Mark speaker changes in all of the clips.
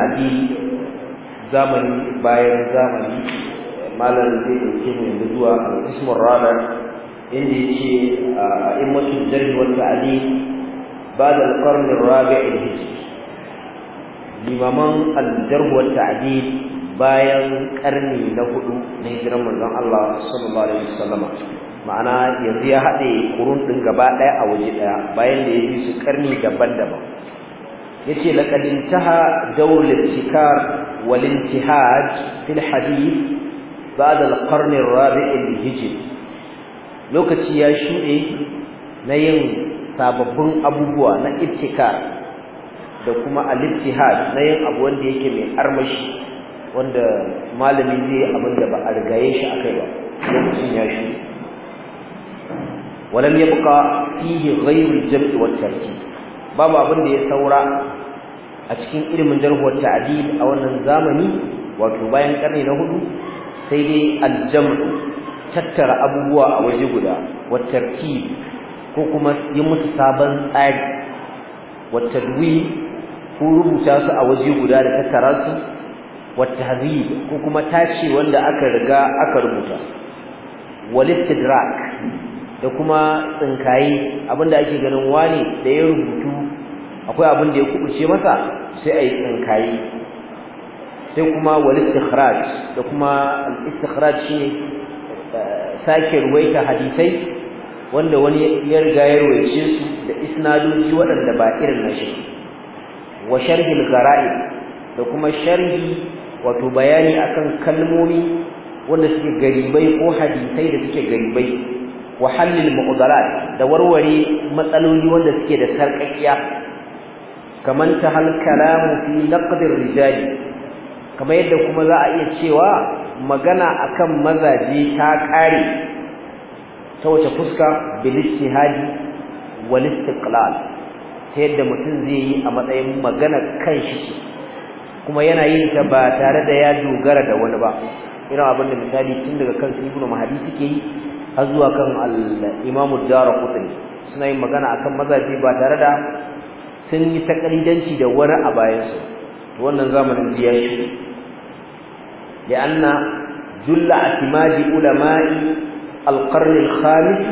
Speaker 1: ta'adi zamani bayan zamani malam zai dauke mu yanzu zuwa ismar ranar inda ce a immatul jarh wata ali Ba da qarn ar-rabi' al-hijri limaman al wata ali bayan karni na hudu na hijiran manzon Allah sallallahu alaihi ma'ana yanzu ya haɗe kurun ɗin gaba ɗaya a waje ɗaya bayan da ya yi su karni daban-daban yace laqad intaha dawl al-ibtikar wal intihaj fil hadith ba'da al-qarn ar-rabi' al-hijri lokaci ya shuɗe na yin sababbin abubuwa na ibtikar da kuma al-ibtihaj na yin abu wanda yake mai armashi wanda malami zai abin da ba a rigaye shi akai ba lokacin ya shuɗe ولم يبقى فيه غير الجمع والتركيب babu abin da ya saura a cikin ilimin jarhuwar ta'dil a wannan zamani wato bayan karni na hudu sai dai aljam'u tattara abubuwa a waje guda wa tartib ko kuma yin mutu sabon tsari wa tadwi ko rubuta su a waje guda da tattara su wa tahzib ko kuma tace wanda aka riga aka rubuta wa istidrak da kuma tsinkaye abinda ake ganin wani da ya rubutu akwai abin da ya kubuce masa sai ayi yi tsinkayi sai kuma wal istikhraj da kuma al istikhraj shine eh, sake ruwaita hadisai wanda wani ya riga ya ruwaice su da isnadoji waɗanda ba irin na shi wa sharhi al da kuma sharhi wato bayani akan kalmomi wanda suke garibai ko hadisai da suke garibai wa halil muqdarat da warware matsaloli wanda suke da sarƙaƙiya kaman ta hal kalamu fi naqdir rijali kamar yadda kuma za a iya cewa magana akan mazaje ta kare ta wace fuska bil ijtihadi wal istiqlal ta yadda mutum zai yi a matsayin magana kanshi kuma yana yin ta ba tare da ya dogara da wani ba irin abin da misali tun daga kan ibnu mahadi suke yi har zuwa kan al-imamu ad-darqutni suna yin magana akan mazaje ba tare da sun yi takalidanci da wani a bayansu to wannan zamanin biyar shi da anna julla atimadi ulama'i alqarn alkhamis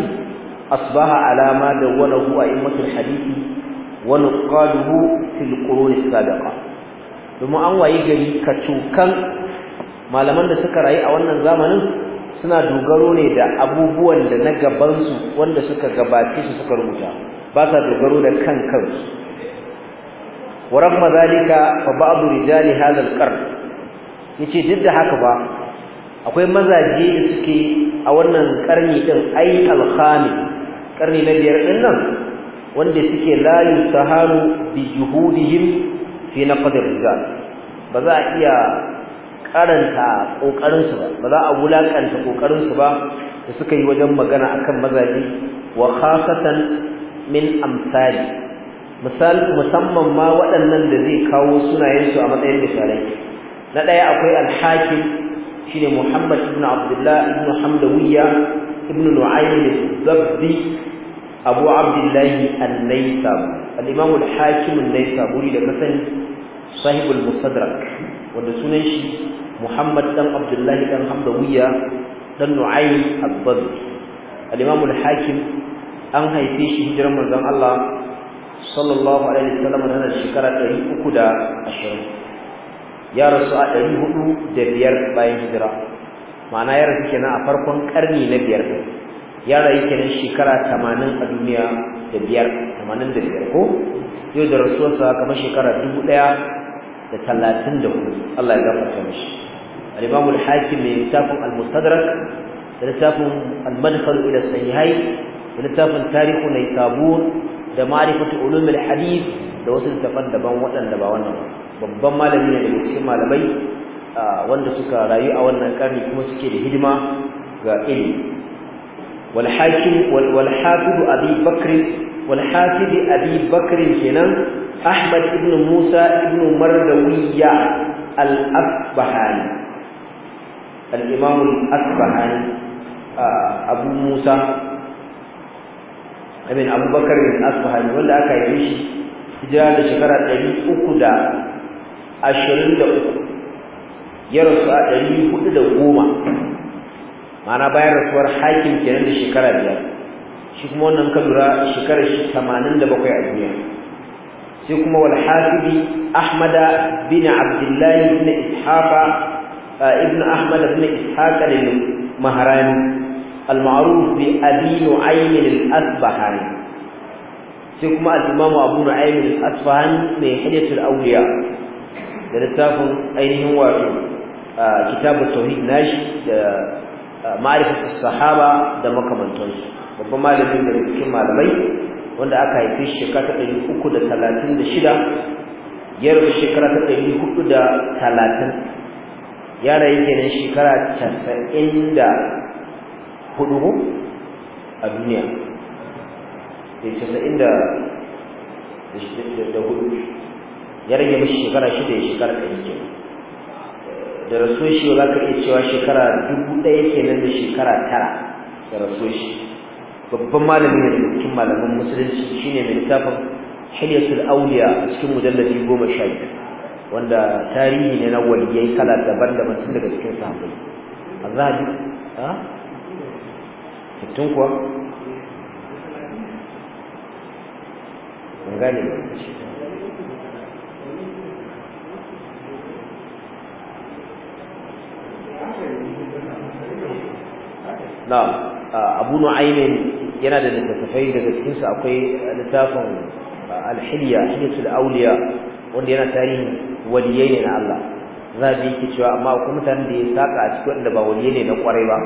Speaker 1: asbaha alama da wani huwa hadithi wa nuqaduhu fil qurun sabiqa domin an waye gari kacukan malaman da suka rayu a wannan zamanin suna dogaro ne da abubuwan da na gabansu wanda suka gabace su suka rubuta ba sa dogaro da kan kansu wa ramma zalika fa ba'd rijali hadha qarn yace duk da haka ba akwai mazaje da suke a wannan karni din ai al-khami karni na biyar din nan wanda suke la yusaharu bi juhudihim fi naqd rijal ba za a iya karanta kokarin su ba ba za a wulakanta kokarin su ba da suka yi wajen magana akan mazaje wa khasatan min amsali misal musamman ma waɗannan da zai kawo sunayensu a matsayin misalai na ɗaya akwai al-hakim. alhakim shine muhammad ibn abdullah ibn hamdawiya ibn nu'aym al-dabbi abu abdullahi al-naysab al-imam al-hakim al-naysaburi da kasan sahibul mustadrak wanda sunan shi muhammad dan abdullahi dan hamdawiya dan nu'aym al-dabbi al-imam al-hakim an haife shi hijiran manzon Allah sallallahu alaihi wasallam tana da shekara 320 ya rasu a 405 bayan hijira ma'ana ya rasu kenan a farkon karni na biyar ya rayu kenan shekara 80 a duniya da biyar 85 ko yau da rasuwarsa kamar shekara 1034 Allah ya gafarta mishi al-Imam al-Hakim ne littafin al-Mustadrak da littafin al manhaj ila as da littafin Tarikh Naysabur da ma'rifatu ulumul hadith da wasu tafan daban wadanda ba wannan babban malami ne da cikin malamai wanda suka rayu a wannan karni kuma suke da hidima ga ilimi wal hakim wal hafid abi bakr wal hafid abi bakr kenan ahmad ibn musa ibn mardawiya al asbahani al imam al asbahani abu musa Abin abubakar bin asfahani wanda aka yi shi hijira da shekara ɗari uku da ashirin da uku ya rasu a ɗari hudu da goma ma'ana bayan rasuwar hakim kenan da shekara biyar shi kuma wannan ka lura shekarar shi tamanin da bakwai a duniya sai kuma wal hasibi ahmada bin abdullahi bin ishaqa ibn ahmad bin ishaqa lil maharani al-ma'ruf bi abi nu'aym al-asbahani sai kuma al-imam abu nu'aym al-asbahani mai hidayatul awliya da littafin ainihin wato kitabut tauhid nashi da ma'rifatus sahaba da makamantansu babban malamin da cikin malamai wanda aka haife shekara ta 336 ya rufe shekara ta 430 shekara da hudu a duniya da casa'in da da hudu ya rage mashi shekara shida ya shekara ɗari ke da rasuwar shi za ka iya cewa shekara dubu ɗaya kenan da shekara tara da rasuwar shi babban malami ne da cikin malaman musulunci shine mai littafin hilyatul auliya a cikin mujallabi goma sha biyu wanda tarihi ne na waliyai kala daban-daban tun daga cikin sahabbai a zahabi sittin kuwa ban gane na abu nu'aymin yana da littattafai daga cikinsu akwai littafin alhiliya hilyatul auliya wanda yana tarihin waliyai ne na Allah zabi yake cewa amma akwai mutanen da ya saka a cikin wanda ba waliyai ne na kwarai ba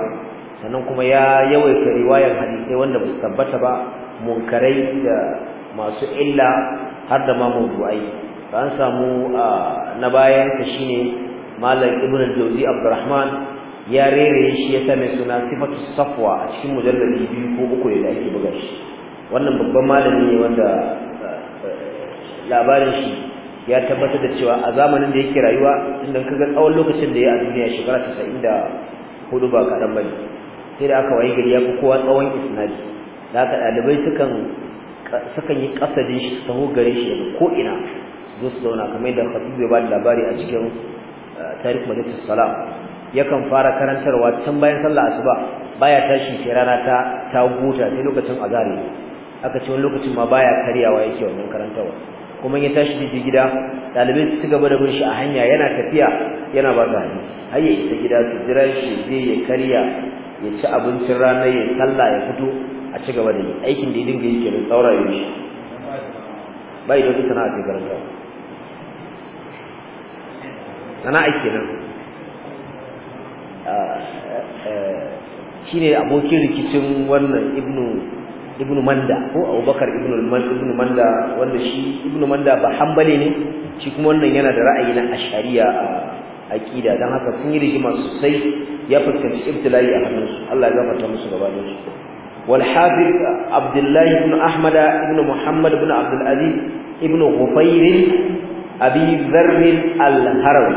Speaker 1: sannan kuma ya yawaita riwayar hadisai wanda ba su tabbata ba munkarai da masu illa har da ma Ba an samu na bayan ka shine malam ibn al-jawzi abdurrahman ya rere shi ya same suna sifatu safwa a cikin mujalladi biyu ko uku da ake buga shi wannan babban malami ne wanda labarin shi ya tabbatar da cewa a zamanin da yake rayuwa inda ga tsawon lokacin da ya a duniya shekara hudu ba kaɗan bane sai da aka wayi gari ya fi kowa tsawon isnadi da aka ɗalibai sukan sukan yi kasadin shi sahu gare shi daga ko ina zo su zauna kamar da Khatib bai ba da labari a cikin eh, Tarikh Majlis Salam yakan fara karantarwa can bayan sallah asuba baya tashi sai rana ta ta huta sai lokacin azari aka ce wani lokacin ma baya karyawa yake wannan karantarwa kuma ya tashi da gida dalibai su gaba da bin shi a hanya yana tafiya yana ba ta hanya har ya isa gida su jira shi zai ya karya ya ci abincin rana ya sallah ya fito a ci gaba da yi aikin da ya dinga yi kenan tsauraye shi ba da dauki sana'a ce garanta sana'a kenan ah, eh, shine abokin rikicin wannan ibnu ibnu manda ko abubakar ibnu manda wanda shi ibnu manda ba hambali ne shi kuma wannan yana da ra'ayi na ashariya a ah, aqida dan haka sun yi rigima sosai ya fuskanci ibtilai a hannunsu Allah ya gafarta musu gabanin su wal hafiz Abdullah ibn Ahmad ibn Muhammad ibn Abdul Aziz ibn Ghufayr Abi Dharr al-Harawi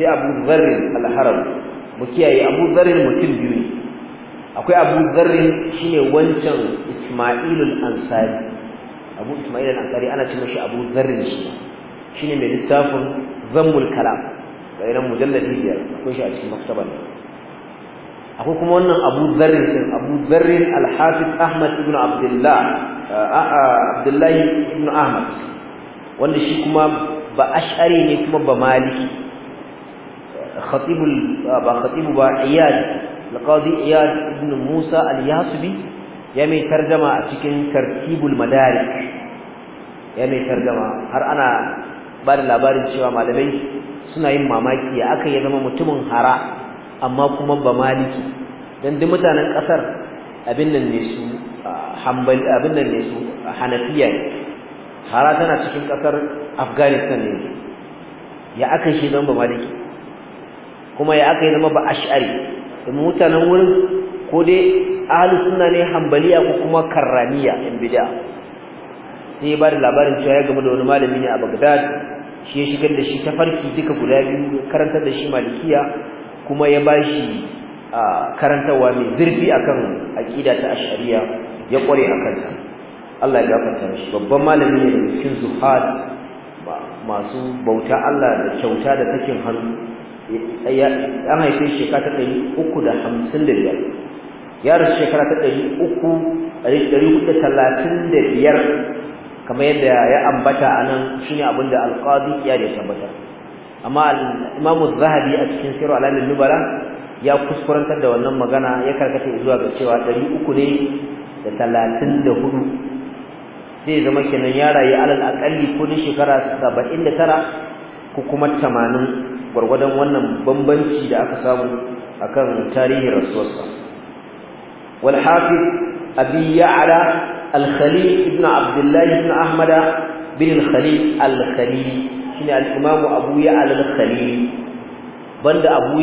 Speaker 1: sai Abu Dharr al-Harawi mu kiyaye Abu Dharr mutum biyu ne akwai Abu Dharr shine wancan Isma'ilul Ansari Abu Isma'il al-Ansari ana ce mashi Abu Dharr shi shine mai littafin Zammul Kalam sai nan mujalladi biyar akwai shi a cikin maktaban akwai kuma wannan Abu Dharr din Abu Dharr al-Hafiz Ahmad ibn Abdullah Abdullah ibn Ahmad wanda shi kuma ba ash'ari ne kuma ba maliki khatibul ba khatibu ba iyad al-qadi iyad ibn Musa al-Yasbi ya mai tarjama a cikin tartibul madarik ya mai tarjama har ana ba da labarin cewa malamai suna yin mamaki ya aka yi zama mutumin hara amma kuma ba maliki don duk mutanen kasar abin nan ne su hanbali abin nan ne su hanafiya ne hara tana cikin kasar afghanistan ne ya aka yi zama ba maliki kuma ya aka yi zama ba ash'ari domin mutanen wurin ko dai ahlus suna ne hanbaliya ko kuma karramiya in bid'a sai ba da labarin cewa ya gama da wani malami ne a bagdad shi ya shigar da shi ta farki duka guda biyu karantar da shi malikiya kuma ya ba shi karantarwa mai zurfi akan aƙida ta ash'ariya ya ƙware a kanta. Allah ya gafarta shi. babban malami ne daga cikin zuhad masu bauta Allah da kyauta da sakin hannu an haife shekara ta ɗari uku da hamsin da biyar ya rasu shekara ta ɗari uku ɗari uku da talatin da biyar kamar yadda ya ambata anan shine abinda al-qadi ya da tabbata amma al-imam zahabi a cikin sirru alamin nubala ya kuskurantar da wannan magana ya karkata zuwa ga cewa uku ne da hudu sai zama kenan ya rayu alal aqalli ko da shekara 79 ko kuma 80 gurgurdan wannan bambanci da aka samu akan tarihin rasuwarsa wal hafiz abi ya'la al-khalil ibn abdullah ibn ahmad bin khali alkali al-khalil shine al-imam abu ya'al al-khalil banda abu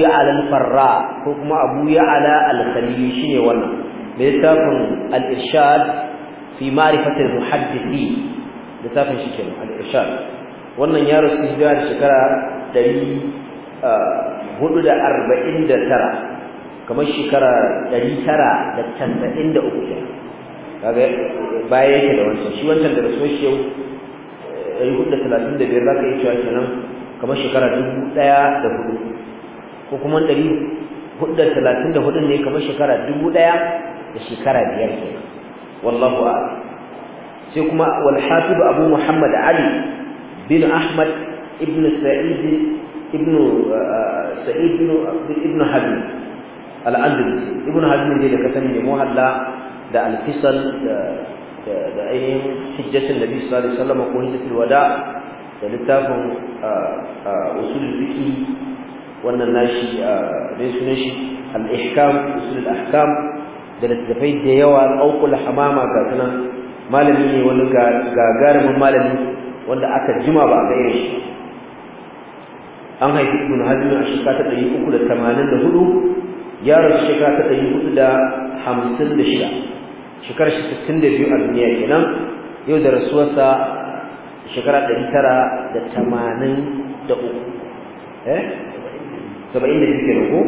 Speaker 1: farra ko kuma abu ya'al al shine wannan mai littafin al-irshad fi ma'rifati al-muhaddisi littafin shi kenan al-irshad wannan ya rasu da shekara ah, da kamar shekara kenan kaga baya yake da wancan shi wancan da rasuwar shi yau eh, ɗari hudu da talatin da biyar za ka yi cewa kenan kamar shekara dubu ɗaya da hudu ko kuma ɗari hudu da talatin da hudu ne kamar shekara dubu ɗaya da shekara biyar kenan wallahu a'lam sai kuma wal hafiz abu muhammad ali bin ahmad ibn sa'id ibn eh, sa'id ibn habib al-andalusi ibn habib ne da ka sani ne muhalla da alfisal da ainihin hijjatin nabi sallallahu alaihi wasallam ko hijjatul wada da littafin usul fiqi wannan nashi ne sunan shi al-ihkam usul al da littafai da yawa al-awqul hamama ga sunan malami ne wani gagarumin malami wanda aka jima ba ga irin shi an haifi ibn hazmi a shekara ta ɗari uku da tamanin da hudu, rasu shekara ta ɗari da da hamsin shida. shekarar shi sittin da biyu a duniya kenan yau da rasuwarsa shekara ɗari tara da tamanin da uku eh saba'in da biyu ke ko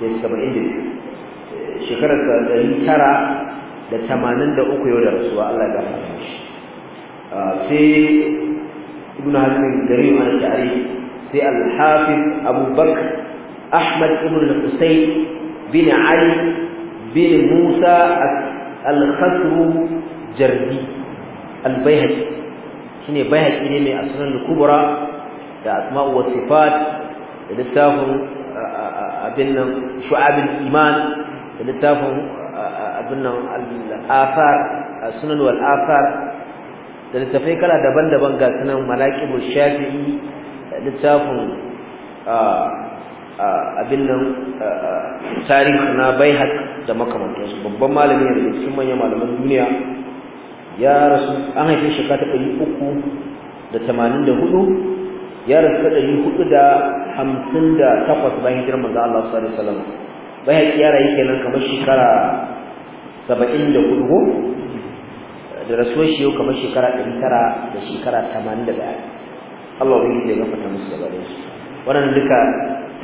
Speaker 1: da eh, saba'in da biyu shekarar ɗari tara da tamanin da uku yau da rasuwa Allah ya gafarta shi ah, sai ibn hazmin gari ma tare sai al-hafiz abubakar ahmad ibn al-husayn bin ali bin musa al-khasru jardi al shine bayhaqi ne mai asnan kubra
Speaker 2: da asma'u wa sifat da littafin abin nan iman da littafin
Speaker 1: abin nan al-afar sunan wal afar da littafai kala daban-daban ga sunan malaqibul shafi'i littafin abin nan tarihi na baihaq da makamantarsu, babban malami ne cikin manyan malaman duniya ya rasu an haife shekara ta ɗari uku da tamanin da hudu ya rasu ta ɗari hudu da hamsin da takwas bayan girman manzo Allah sallallahu alaihi wasallam baihaq ya rayu kenan kamar shekara saba'in da hudu ko da rasuwar shi yau kamar shekara ɗari tara da shekara tamanin da ɗaya Allah ubangiji ya gafata musu da su waɗannan duka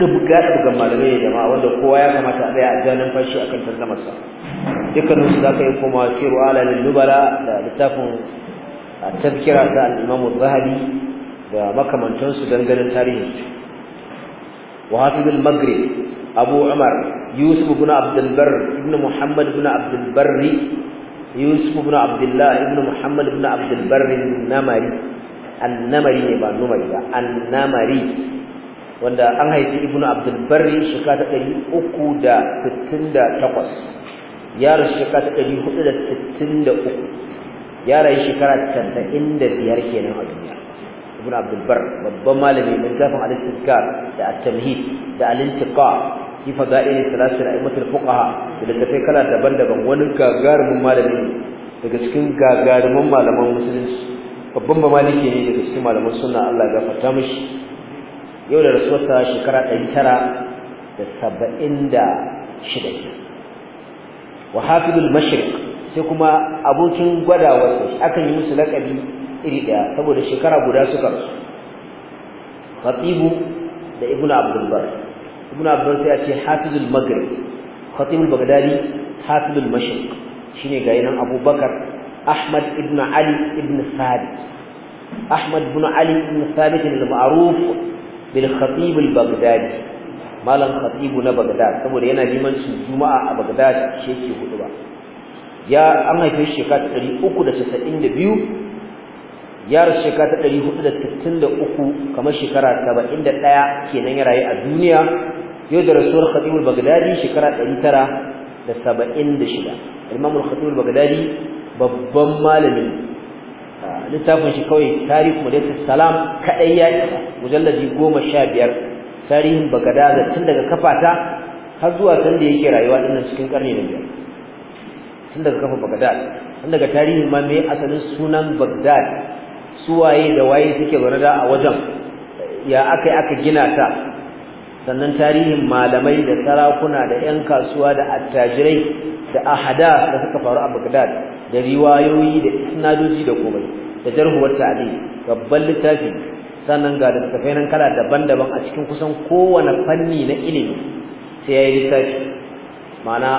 Speaker 1: dubga-dubgan malamai ne jama'a wanda kowa ya kamata a tsaya a ganin fashi a kan tarjamarsa dukkaninsu za ka yi koma siru alamin nubala da littafin tazkira ta al'imamu zahabi da makamantansu don ganin tarihinsu wa hafizul maghrib abu umar yusuf ibn abdul barr ibn muhammad ibn abdul barri yusuf ibn abdullah ibn muhammad ibn abdul barri namari annamari ne ba numari ba annamari wanda an haifi ibnu abdul barri shekara ta 368 takwas, rasu shekara ta 463 ya rayu shekara biyar kenan a duniya ibnu abdul bar babban malami mai zafin al da at-tamhid da al-intiqa fi fada'il salasil a'immatul fuqaha da littafai kala daban-daban wani gagarumin malami daga cikin gagarumin malaman musulunci babban ba maliki ne daga cikin malaman sunna Allah ya gafarta mishi yau da rasuwarsa shekara ɗari tara da saba'in da shida wa hafidul mashriq sai kuma abokin gwadawarsa akan yi musu laƙabi iri ɗaya saboda shekara guda suka rasu khatibu da ibnu abdul bar ibnu abdul sai ya ce hafizul maghrib khatibul bagdadi hafizul mashriq shine ga yanan abubakar ahmad ibn ali ibn thabit ahmad ibn ali ibn thabit al-ma'ruf bil khatib al baghdadi malam khatib na baghdad saboda yana su juma'a a baghdad sheke hudu ba ya an haife shekara 392 ya rasu shekara 463 kamar shekara 71 kenan ya rayu a duniya yau da rasul khatib al baghdadi shekara 976 imam al khatib al baghdadi babban malamin. littafin shi kawai tarihi madatus salam kadai ya isa mujalladi 15 tarihin bagadaza tun daga kafata har zuwa san da yake rayuwa dinnan cikin karni na biyar tun daga kafa bagada tun daga tarihin ma mai asalin sunan bagdad suwaye da waye suke zaune da a wajen ya akai aka gina ta sannan tarihin malamai da sarakuna da 'yan kasuwa da attajirai da ahada da suka faru a bagdad da riwayoyi da isnadoji da komai da jarhu wa ta'dil babban littafi sannan ga littafai nan kala daban-daban a cikin kusan kowane fanni na ilimi sai yayi littafi ma'ana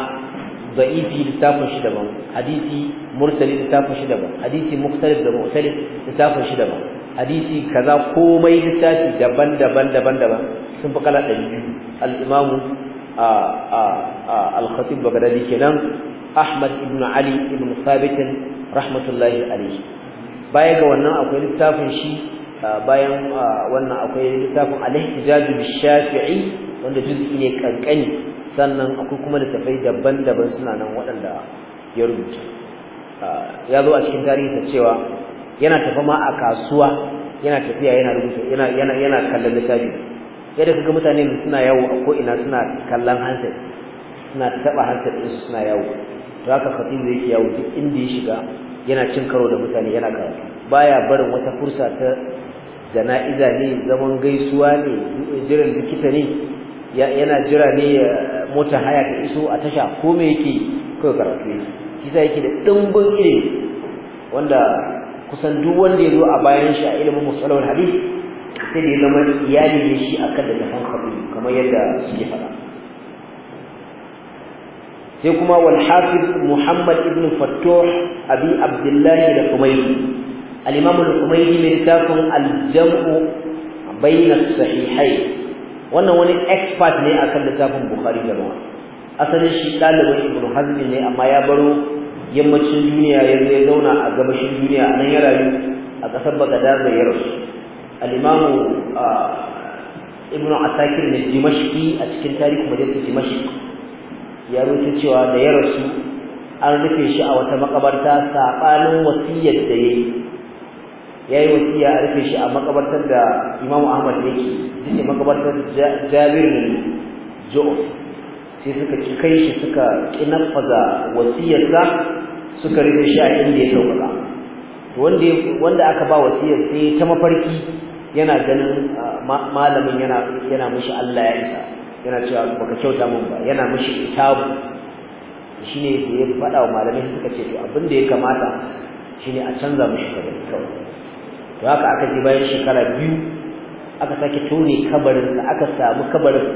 Speaker 1: da'ifi littafin shi daban hadisi mursali littafin shi daban hadisi muktalif da mu'talif littafin shi daban hadisi kaza komai littafi daban-daban daban-daban sun fi kala ɗari biyu al-imam al-khatib bagdadi kenan ahmad ibn ali ibn thabit rahmatullahi alayhi baya ga wannan akwai littafin shi bayan wannan akwai littafin al-ihtijaju shafi'i wanda juz'i ne kankani sannan akwai kuma littafai daban-daban suna nan waɗanda ya rubuta ya zo a cikin tarihi cewa yana tafa ma a kasuwa yana tafiya yana rubuta yana yana yana kallon littafi yadda kaga mutane suna yawo a ko ina suna kallon hansar suna taba hansar din suna yawo to haka khatib yake yawo duk inda ya shiga yana cin karo da mutane yana karatu baya barin wata fursa ta jana'iza ne zaman gaisuwa ne jiran likita ne yana jira ne mota haya ta iso a tasha ko me yake kawai karatu ne kisa yake da dimbin ilimi wanda kusan duk wanda ya zo a bayan shi a ilimin musalawar hadith sai da ya zama iyali ne shi akan da zafin kamar yadda suke faɗa sai kuma walhafiz muhammad ibn fattuh abi abdullahi da kumaini al kumaini mai littafin aljam'u jamu bayna sahihai wannan wani expert ne akan littafin bukari da muslim asalin shi ɗalibin ibn hazm ne amma ya baro yammacin duniya ya zai zauna a gabashin duniya nan ya rayu a ƙasar bagada mai ya rasu al ah, ibn asakir ne a cikin tarihi majalisar ya rubuta cewa da ya rasu an rufe shi a wata makabarta sabanin wasiyar da yayi yayi wasiya a rufe shi a makabartar da Imam Ahmad yake shine makabartar Jabir bin sai suka kai shi suka wasiyyar wasiyarsa suka rufe shi a inda ya sauka wanda aka ba wasiyar sai ta mafarki yana ganin ah, malamin yana mushi Allah ya isa yana cewa baka kyauta mun ba yana mishi itabu shine da ya faɗa wa malamai suka ce to abin da ya kamata shine a canza mishi kabari kawai to haka aka ji bayan shekara biyu aka sake tone kabarin da aka samu kabarin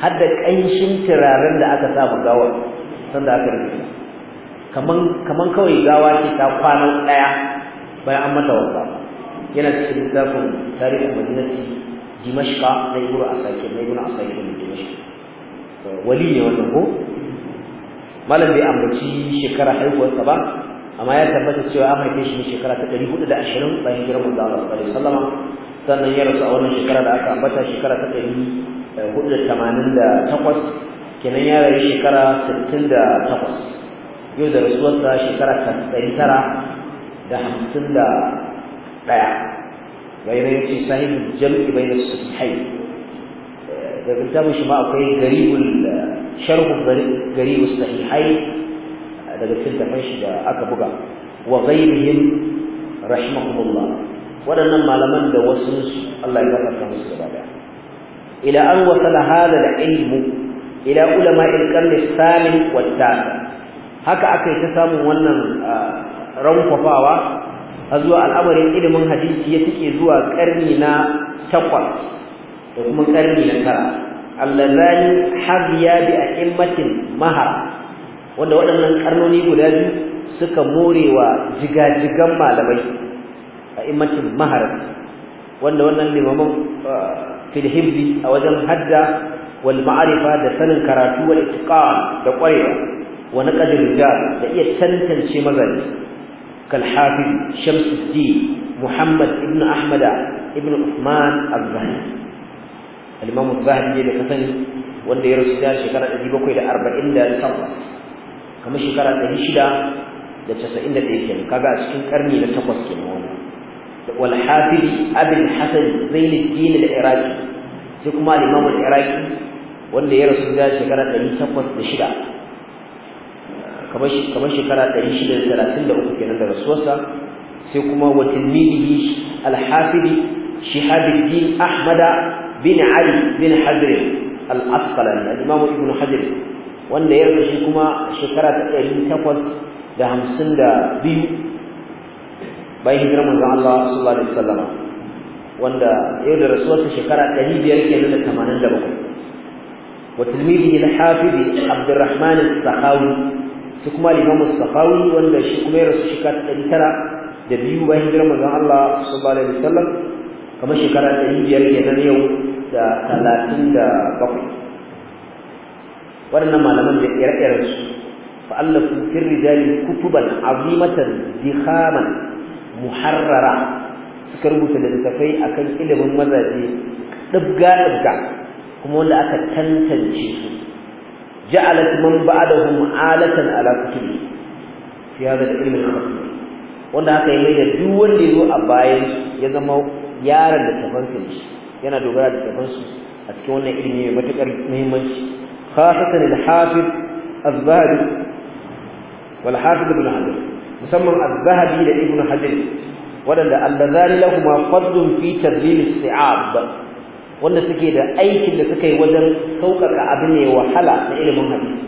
Speaker 1: har da ƙanshin turaren da aka samu gawar sanda aka rubuta kaman kaman kawai gawa ce ta kwana ɗaya bayan an mata wanka yana cikin littafin tarihin madinati na yi dimashq da ibnu asakir da a sake wani dimashq wali ne wannan ko malam bai ambaci shekara haihuwarsa ba amma ya tabbata cewa an haife shi ne shekara ta ɗari hudu da ashirin bayan hijirar manzo Allah sallallahu alaihi sannan ya rasu a wannan shekara da aka ambata shekara ta ɗari eh, hudu da tamanin da takwas kenan ya rayu shekara sittin da takwas yau da rasuwarsa shekara ta ɗari tara da hamsin da ɗaya gaira ya ce sahibul jam'i bayna sahihain da littafin shi ma akwai garibul sharh garibul sahihain daga cikin tafan shi da aka buga wa ghairihim rahimahumullah waɗannan malaman da wasu Allah ya gafarta musu gaba daya ila an wasala hada al-ilm ila ulama al-qarn al haka akai ta samun wannan rankwafawa har zuwa al'amarin ilimin hadisi ya tike zuwa ƙarni na takwas da kuma ƙarni na tara allazani habiya bi a'immatin mahara wanda waɗannan ƙarnoni guda biyu suka morewa jigajigan malamai a'immatin mahara wanda wannan limamin uh, fil a wajen hadda wal ma'arifa da sanin karatu wal itiqan da ƙwarewa wa naqd rijal da iya tantance mazaji كالحافظ شمس الدين محمد ابن أحمد ابن عثمان الظهري الإمام الظهري اللي كتن wanda ya rasu da shekara 748 kamar shekara 691 kenan kaga a cikin karni na 8 kenan wannan wal hafiz abul hasan zainuddin al-iraqi sai kuma al-imam al-iraqi wanda ya rasu da shekara kamar shekara 633 kenan da rasuwarsa sai kuma watilmihi alhafidi shihabuddin ahmada bin ali bin hadr al-asqalani imam ibn wanda ya rasu shi kuma shekara ta 852 bayan hijirar manzon Allah sallallahu alaihi wasallam wanda yau da rasuwarsa shekara 500 kenan da 87 وتلميذه الحافظ عبد الرحمن السخاوي sai kuma limamu safawi wanda shi kuma ya rasu shekara ɗari tara da biyu bayan hijirar manzon Allah sallallahu alaihi wasallam kamar shekara ɗari biyar kenan yau da talatin da bakwai waɗannan malaman da ire-iren su fi rijali kutuban azimatan dihaman muharrara suka rubuta littattafai akan ilimin mazaje ɗabga kuma wanda aka tantance su جعلت من بعدهم آلة على كتبه في هذا العلم الخطير wanda aka yi da duk wanda yazo a bayan ya zama yaran da tafansa shi yana dogara da tafansu a cikin wannan ilimi mai matukar muhimmanci khasatan al-hafiz az-zahabi wal hafiz ibn hajar musamman az-zahabi da ibn hajar wadanda allazani lahumu fadlun fi tadlil as-si'ab wanda suke da aikin da suka yi wajen sauƙaƙa abin ne wahala na ilimin hadisi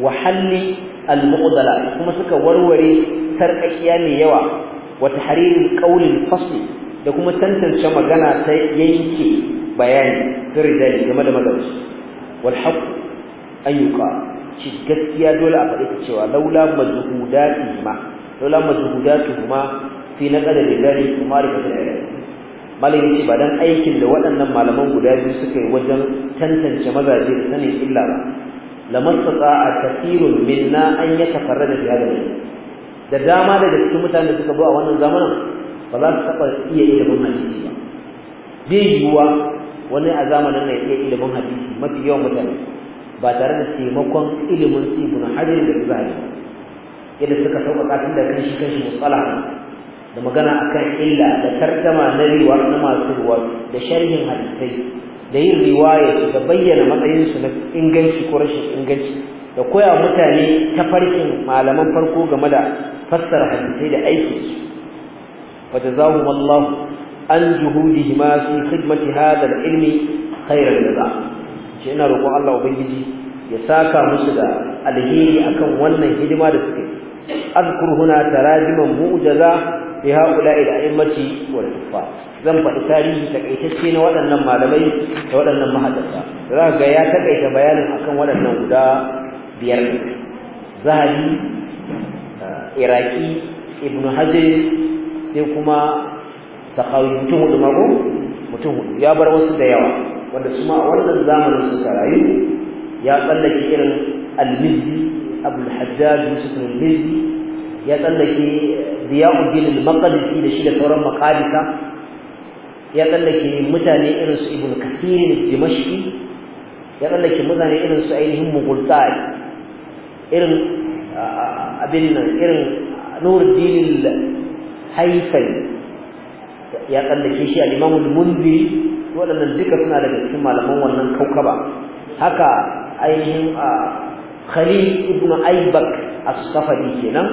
Speaker 1: wahalli al-muqdala kuma suka warware sarƙaƙiya mai yawa wa tahriril qawlil fasl da kuma tantance magana ta yanke bayani firdali game da magabaci wal haqq ayyuka shi gaskiya dole a faɗi cewa laula majhudati ma laula majhudatu ma fi naqal al-ghali kuma rifatul malam ba dan aikin da waɗannan malaman guda biyu suka yi wajen tantance mazaje da sanin illa ba lamastata a tasirin minna an tafarra da hadha da dama daga cikin mutanen da suka zo a wannan zamanin ba za su taɓa iya ilimin hadisi ba bai yiwuwa wani a zamanin nan ya iya ilimin hadisi mafi yawan mutane ba tare da taimakon ilimin ibn hajar da zahiri yadda suka sauƙaƙa tun da kan shi kan shi musala da magana akan illa da tartama na riwa na masu ruwa da sharhin hadisai da yin riwaya su da bayyana matsayinsu na inganci ko rashin inganci da koya mutane tafarkin malaman farko game da fassara hadisai da aikin su wa jazahum Allah an juhudihima fi khidmati hadha al-ilmi khairan jaza shi ina roƙon Allah ubangiji ya saka musu da alheri akan wannan hidima da suke أذكر هنا تراجما مؤجزة لهؤلاء الأئمة والكفار zan faɗi tarihi takaitacce na waɗannan malamai da waɗannan mahaddasa za ga ya takaita bayanin akan waɗannan guda biyar zahabi iraki ibn hajar sai kuma sakawi mutum hudu mako mutum hudu ya bar wasu da yawa wanda su a wannan zamanin suka rayu ya tsallake irin almizzi abul hajjaj yusuf al-mizzi ya tsallake ziyauddin al-maqdisi da shi da sauran maqadisa ya tsallake mutane irin su ibn kathir al-dimashqi ya tsallake mutane irin su ainihin mughultai irin abin nan irin nuruddin al haifai ya tsallake shi al-imam al-munziri waɗannan duka suna daga cikin malaman wannan kaukaba haka ainihin khalil ibnu aibak as kenan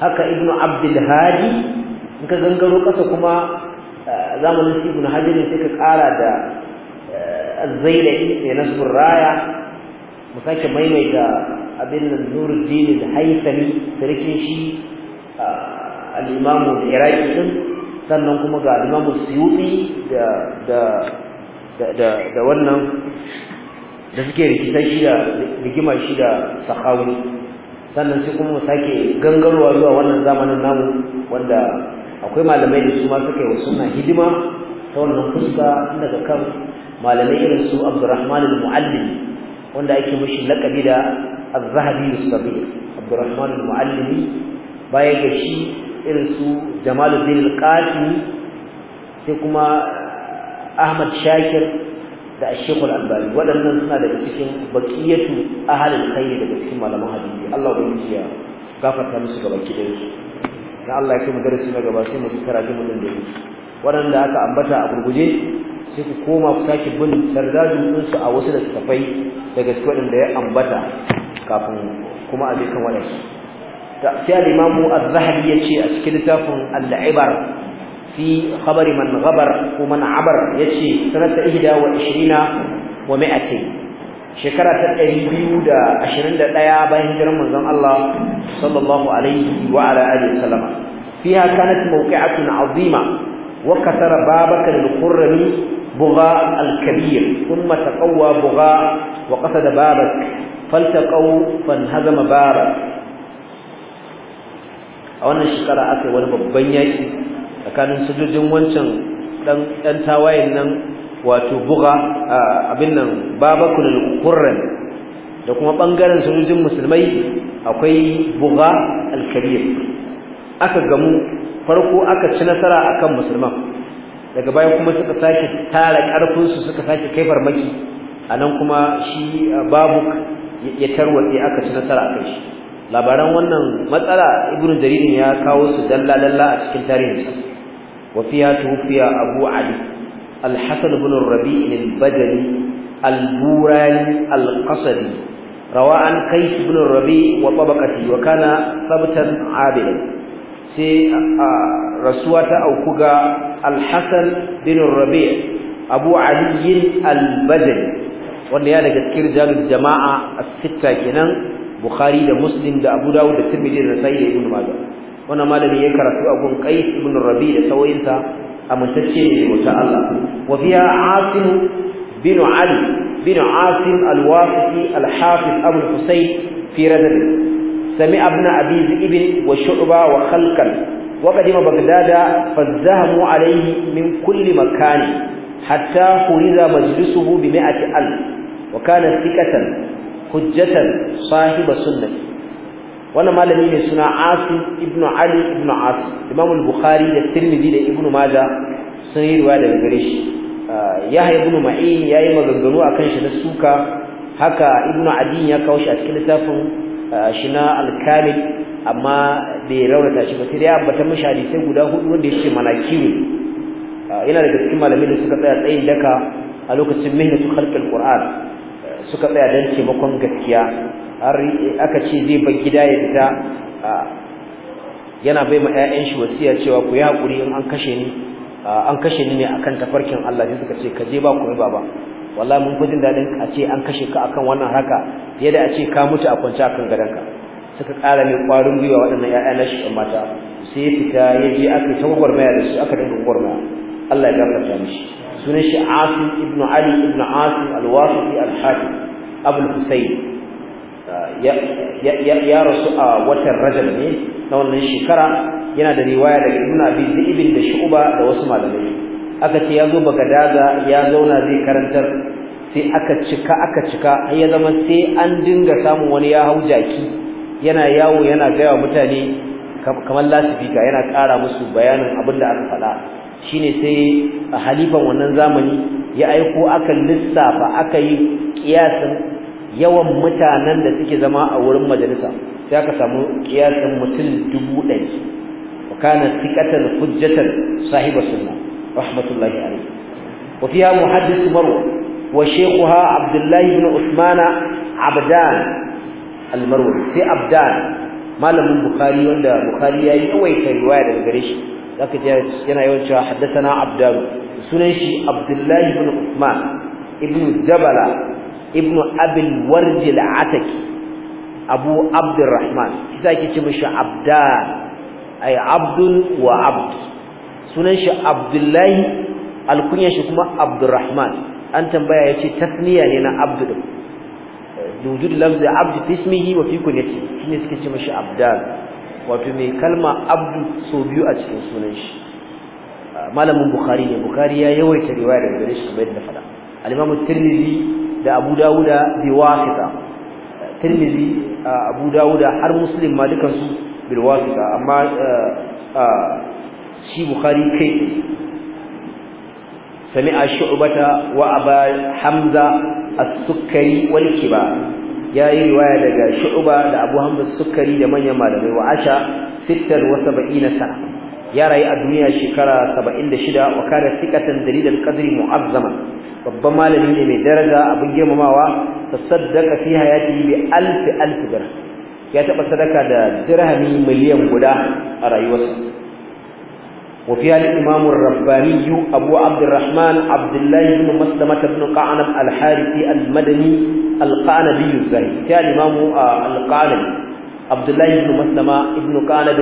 Speaker 1: haka ibnu abdul in ka gangaro kasa kuma eh, zamanin ibn hajar ne sai ka kara da eh, az-zailai ne nasbur mu sake maimaita abin nan nuruddin al-haythami da shi eh, al-imam al din sannan kuma ga al-imam suyuti da wannan da suke rikitar shi da rigima shi da sahawi sannan sai kuma sake gangarwa zuwa wannan zamanin namu wanda akwai malamai da su ma suka yi wa suna hidima ta wannan fuska daga kan malamai irin su Abdurrahman al-Muallim wanda ake mishi lakabi da Az-Zahabi al-Sabir Abdurrahman al-Muallim baya ga shi irin su Jamaluddin al-Qasimi sai kuma Ahmad Shakir da Sheikh Al-Albani waɗannan suna daga cikin baqiyatu ahlul khair daga cikin malaman hadisi Allah ubangiji ya gafarta musu gaba kidan su dan Allah ya kuma darasi na gaba sai mu karatu mun da su waɗanda aka ambata a gurguje sai ku koma ku sake bin sardajin din su a wasu da suka fai daga cikin wadanda ya ambata kafin kuma a dukkan waɗansu sai al-Imam Az-Zahabi yace a cikin littafin Al-Ibar في خبر من غبر ومن عبر يتشي سنة إهدى wa ومائتين shekara ta ɗari biyu da ashirin da ɗaya bayan hijirar manzon Allah sallallahu alaihi wa ala alihi sallama fiha kanat mawqi'atun azima wa kasara babaka lil qurrani bugha al kabir thumma taqawwa bugha wa qasada babak faltaqaw fanhazama babak a wannan shekara aka wani babban yaki tsakanin sojojin wancan ɗan tawayen nan wato buga abin nan babakul qurran da kuma bangaren sojojin musulmai akwai buga al-kabir aka gamu farko aka ci nasara akan musulman daga baya kuma suka sake tara karfin su suka sake kai farmaki anan kuma shi babu ya tarwatse aka ci nasara akan shi labaran wannan matsala ibnu jarir ya kawo su dalla dalla a cikin tarihi وفيها توفي أبو علي الحسن بن الربيع البجلي البوراني القصري روى عن قيس بن الربيع وطبقته وكان ثبتا عابدا سي رسوة أو كوغا الحسن بن الربيع أبو علي البجلي wanda ya daga cikin rijalul jama'a as-sitta kenan Bukhari da Muslim da Abu Dawud da Tirmidhi da Sahih Ibn Majah wannan malami ya karatu a gun kai ibn rabi da sauyinsa amintacce ne mutan Allah wa fiya asim bin ali bin asim al-wasiti al-hafiz abu husayn fi radad sami ibn abi ibn wa shu'ba wa khalqan wa qadima baghdad fa zahamu min kulli makani hatta furiza majlisuhu bi 100 alf wa kana thiqatan hujjatan sahiba sunnah wannan malami ne suna Asu, ibnu ali ibnu asim imam al-bukhari da tirmidhi da ibnu majah sun yi riwaya daga gare shi uh, yahya ibnu ma'in yayi maganganu akan shi da suka haka ibnu adin ya kawo shi a cikin littafin uh, shi na al-kamil amma bai raunata shi ba sai ya ambata mishi hadisai guda hudu wanda yake manakiwi uh, yana daga cikin malamai da suka tsaya tsayin daka a lokacin mihnatu khalqil qur'an suka tsaya dan taimakon gaskiya har aka ce zai bar gida ya fita yana bai ma 'ya'yan shi wasiya cewa ku yi haƙuri in an kashe ni an kashe ni ne akan tafarkin Allah sai suka ce ka je ba ku komai baba wallahi mun fi jin daɗin a ce an kashe ka akan wannan haka fiye da a ce ka mutu a kwance akan gadonka suka ƙara mai ƙwarin gwiwa waɗannan 'ya'ya na shi mata sai ya fita ya je aka ta gwagwarmaya da su aka dinga gwagwarmaya Allah ya gafarta mishi sunan shi Asim ibn Ali ibn Asim al-Wasiti al-Hakim Abul Husayn ya rasu a watan rajab ne na wannan shekara yana da riwaya daga ibn abi ibin da uba da wasu malamai aka ce ya zo bagadaza ya zauna zai karantar sai aka cika aka cika har ya zama sai an dinga samun wani ya hau jaki yana yawo yana gaya wa mutane kamar lasifika yana kara musu bayanin abin da aka faɗa shine sai a halifan wannan zamani ya aiko aka lissafa aka yi kiyasin yawan mutanen da suke zama a wurin majalisa sai aka samu kiyasin mutum dubu ɗari wa kana tiqatan hujjatan sahiba sunna rahmatullahi alayhi wa fiha muhaddis marwa wa shaykhuha abdullah ibn usman abdan al-marwazi sai abdan malamin bukhari wanda bukhari ya yawaita riwaya daga gare shi zaka ji yana yawan cewa haddathana abdan sunan shi abdullah ibn usman ibn jabala ibnu abil warjil ataki abu abdurrahman kisa ki ce mishi abdan ay abdun wa abd sunan shi abdullahi alkunyar shi kuma abdurrahman an tambaya yace tasniya ne na abdu din wujud lafzi abd fi ismihi wa fi kunyati shine suke ce mishi abdan wato mai kalma abdu so biyu a cikin sunan shi malamin bukhari ne bukhari ya yawaita riwaya daga gare shi kamar yadda faɗa al-Imam da Abu Dawud biwasita Tirmidhi Abu Dawud har Muslim ma dukan su biwasita amma shi Bukhari kai sami'a Shu'bata wa Aba Hamza as-Sukkari wal Kibar yayi riwaya daga Shu'ba da Abu Hamza as-Sukkari da manyan malamai wa Asha 76 sana ya rayu a duniya shekara 76 wa kana sikatan dalilin qadri mu'azzaman babban malami ne mai daraja abin girmamawa ta saddaka fi hayati bi alfi alfi dirham ya taba sadaka da dirhami miliyan guda a rayuwarsa wa fi al imam ar-rabbani abu abdurrahman abdullah ibn muslim qanab al-harithi al-madani al-qanabi zai ya al-qanabi abdullah ibn muslim ibn qanab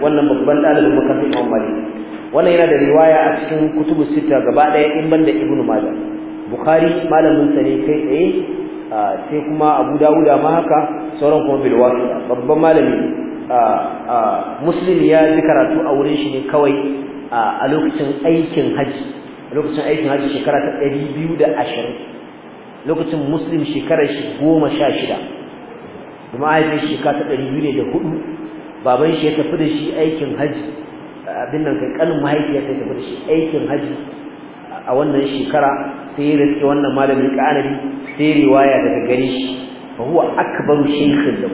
Speaker 1: wannan babban dalilin makafi imam malik wannan yana da riwaya a cikin kutubu sita gaba daya in banda ibnu majah bukhari malamin sa ne kai tsaye sai kuma abu dawuda ma haka sauran kuma bil wasiya babban malami muslim ya ji karatu a wurin shi ne kawai a lokacin aikin haji lokacin aikin haji shekara ta 220 lokacin muslim shekarar shi 16 kuma ayyukan shekara ta da hudu, baban shi ya tafi da shi aikin haji abin nan kai kanin mahaifiya sai tafi da shi aikin haji a wannan shekara sai ya rike wannan malamin ƙanabi sai riwaya daga gare shi fa huwa akbaru shaykhin da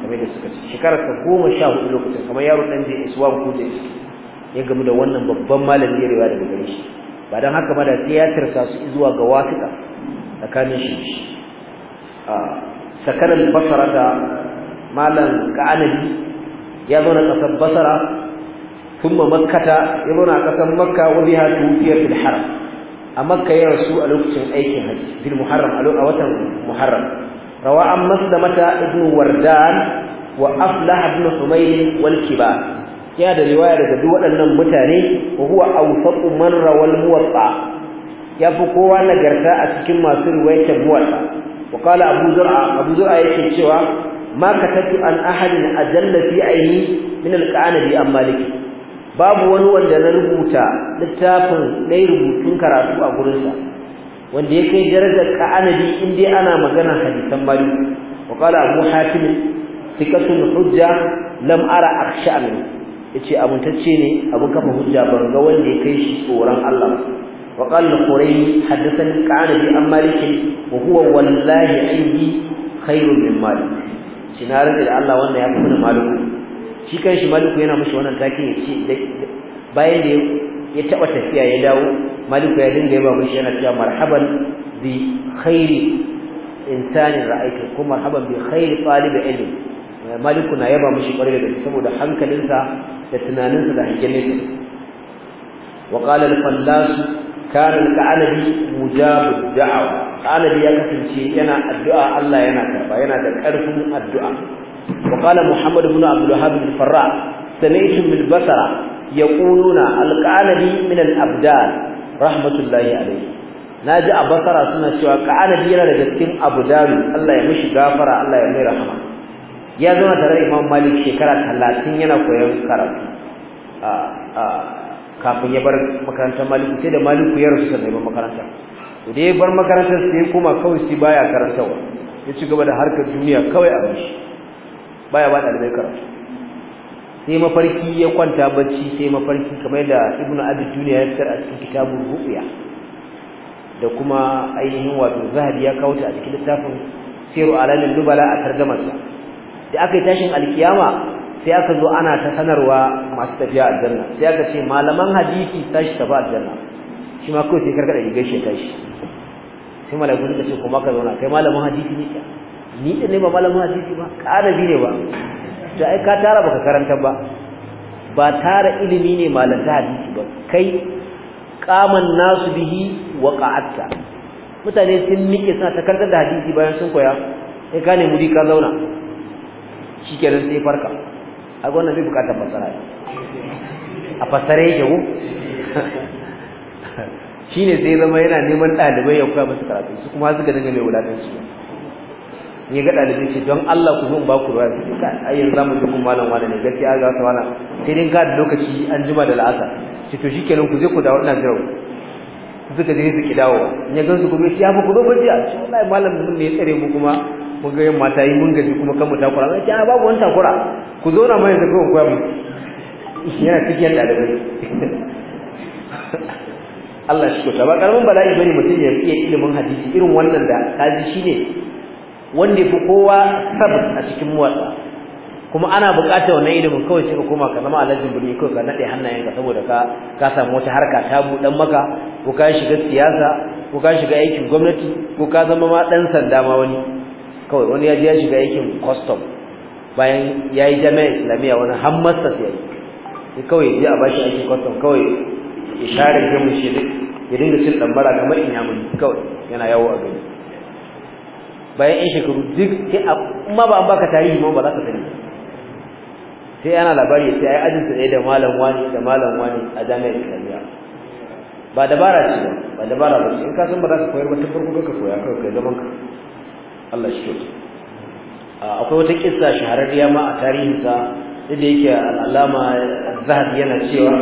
Speaker 1: kamar da suka ce shekarar ta goma sha hudu lokacin kamar yaro dan je iswa ko da iski ya gamu da wannan babban malamin ya riwaya daga gare shi ba dan haka ba da sai ya su zuwa ga wasiƙa tsakanin shi a sakaran basara da malam ƙanabi ya zo na kasar basara thumma makkata ya zauna a ƙasar makka wa biha tufiya fil a makka ya rasu a lokacin aikin hajji fil a watan muharram rawa an maslamata ibnu wardan wa aflah ibn humayr wal kibar ya da riwaya daga duk waɗannan mutane wa huwa awsaqu man rawal muwatta ya fi kowa nagarta a cikin masu riwayar muwatta wa cewa ma an ahadin a fi ayni min al maliki babu wani wanda na rubuta littafin na rubutun karatu a gurinsa wanda ya kai darajar ka'anabi in dai ana magana hadisan bari wa qala abu hatim thiqatun hujja lam ara akhsha min yace amuntacce ne abu kafa hujja ban ga wanda ya kai shi tsoron Allah wa qala qurayn hadathani bi an malik wa huwa wallahi indi khairun min malik na da Allah wannan ya fi malik shi kanshi maliku yana mashi wannan takin ya ce bayan da ya taba tafiya ya dawo maliku ya dinga yaba mishi yana cewa marhaban bi khairi insanin ra'aytu ko marhaban bi khairi talib ilmi maliku na yaba mishi kwarai da saboda hankalinsa da tunaninsa da hankalinsa wa qala al-fallas kana al-qalabi mujab da'wa qalabi ya kasance yana addu'a Allah yana karba yana da karfin addu'a وقال محمد بن عبد الوهاب الفراء سمعت من البصره يقولون القالبي من الابدان رحمه الله عليه naji a basara suna cewa qalabi yana da cikin abu daru Allah ya mishi gafara Allah ya mai rahama ya zama tare da Imam Malik shekara talatin yana koyon karatu a kafin ya bar makarantar Malik sai da Malik ya rasu da ba makaranta da ya bar makarantar sai kuma kawai shi baya karatawa ya ci gaba da harkar duniya kawai a mishi baya ba dalibai karatu sai mafarki ya kwanta bacci sai mafarki kamar da ibnu abi duniya ya fitar a cikin kitabun ruqya da kuma ainihin wato zahabi ya kawo ta a cikin littafin siru alalil dubala a sa da aka yi tashin alkiyama sai aka zo ana ta sanarwa masu tafiya aljanna sai aka ce malaman hadisi tashi tafi aljanna shi ma kawai sai karkada rigar shi tashi sai malaikun suka ce kuma ka zauna kai malamin hadisi ne ni da ne ba malamin hadisi ba ƙarabi ne ba to ai ka tara baka karanta ba ba tara ilimi ne malanta hadisi ba kai qaman nasu bihi wa qa'atta mutane sun miƙe suna ta karanta da hadisi bayan sun koya sai ka mudi ka zauna shikenan sai farka a wannan bai bukatar fasara a fasare yake ko shine sai zama yana neman ɗalibai ya koya musu karatu su kuma suka daga mai wulatanci Ni ga dalibai ce don Allah ku zo ba ku ruwa ku ka ai yanzu zamu dukun malam wani ne gaskiya ga wata wala sai dai ga lokaci an jima da la'asa ce to kenan ku je ku dawo ina jira suka je su kidawo ya gansu kuma ya fa ku zo jiya. ce wallahi malam mun ne tsare mu kuma mun ga mata yi mun gaji kuma kan mu takura sai ce a babu wani takura ku zo na mai da kuma koyar yana cikin dalibai Allah shi ko ta ba karamin bala'i bane mutum ya fiye ilimin hadisi irin wannan da kaji shine wanda yafi kowa sabat a cikin muwatsa kuma ana buƙatar wannan ilimin kawai sai ka koma ka zama alhajin buri kawai ka naɗe hannayenka saboda ka ka samu wata harka ta buɗan maka ko ka shiga siyasa ko ka shiga aikin gwamnati ko ka zama ma ɗan sanda ma wani kawai wani ya je ya shiga aikin custom bayan ya yi jami'a islamiyya wani hammasta sai ya kawai ya a bashi aikin custom kawai ya share gamin shi ya dinga cin dambara kamar inyamuri kawai yana yawo a gari bayan in shekaru duk sai a kuma ba an baka tarihi ma ba za ka sani sai ana labari sai ai ajin sa da malam wani da malam wani a jami'ar Islamiya ba dabara ce ba ba dabara ba in ka san ba za ka koyar ba ta farko ka koya kawai kai zaman ka Allah shi akwai wata kissa shahararriya ma a tarihinsa da yake al'alama zahabi yana cewa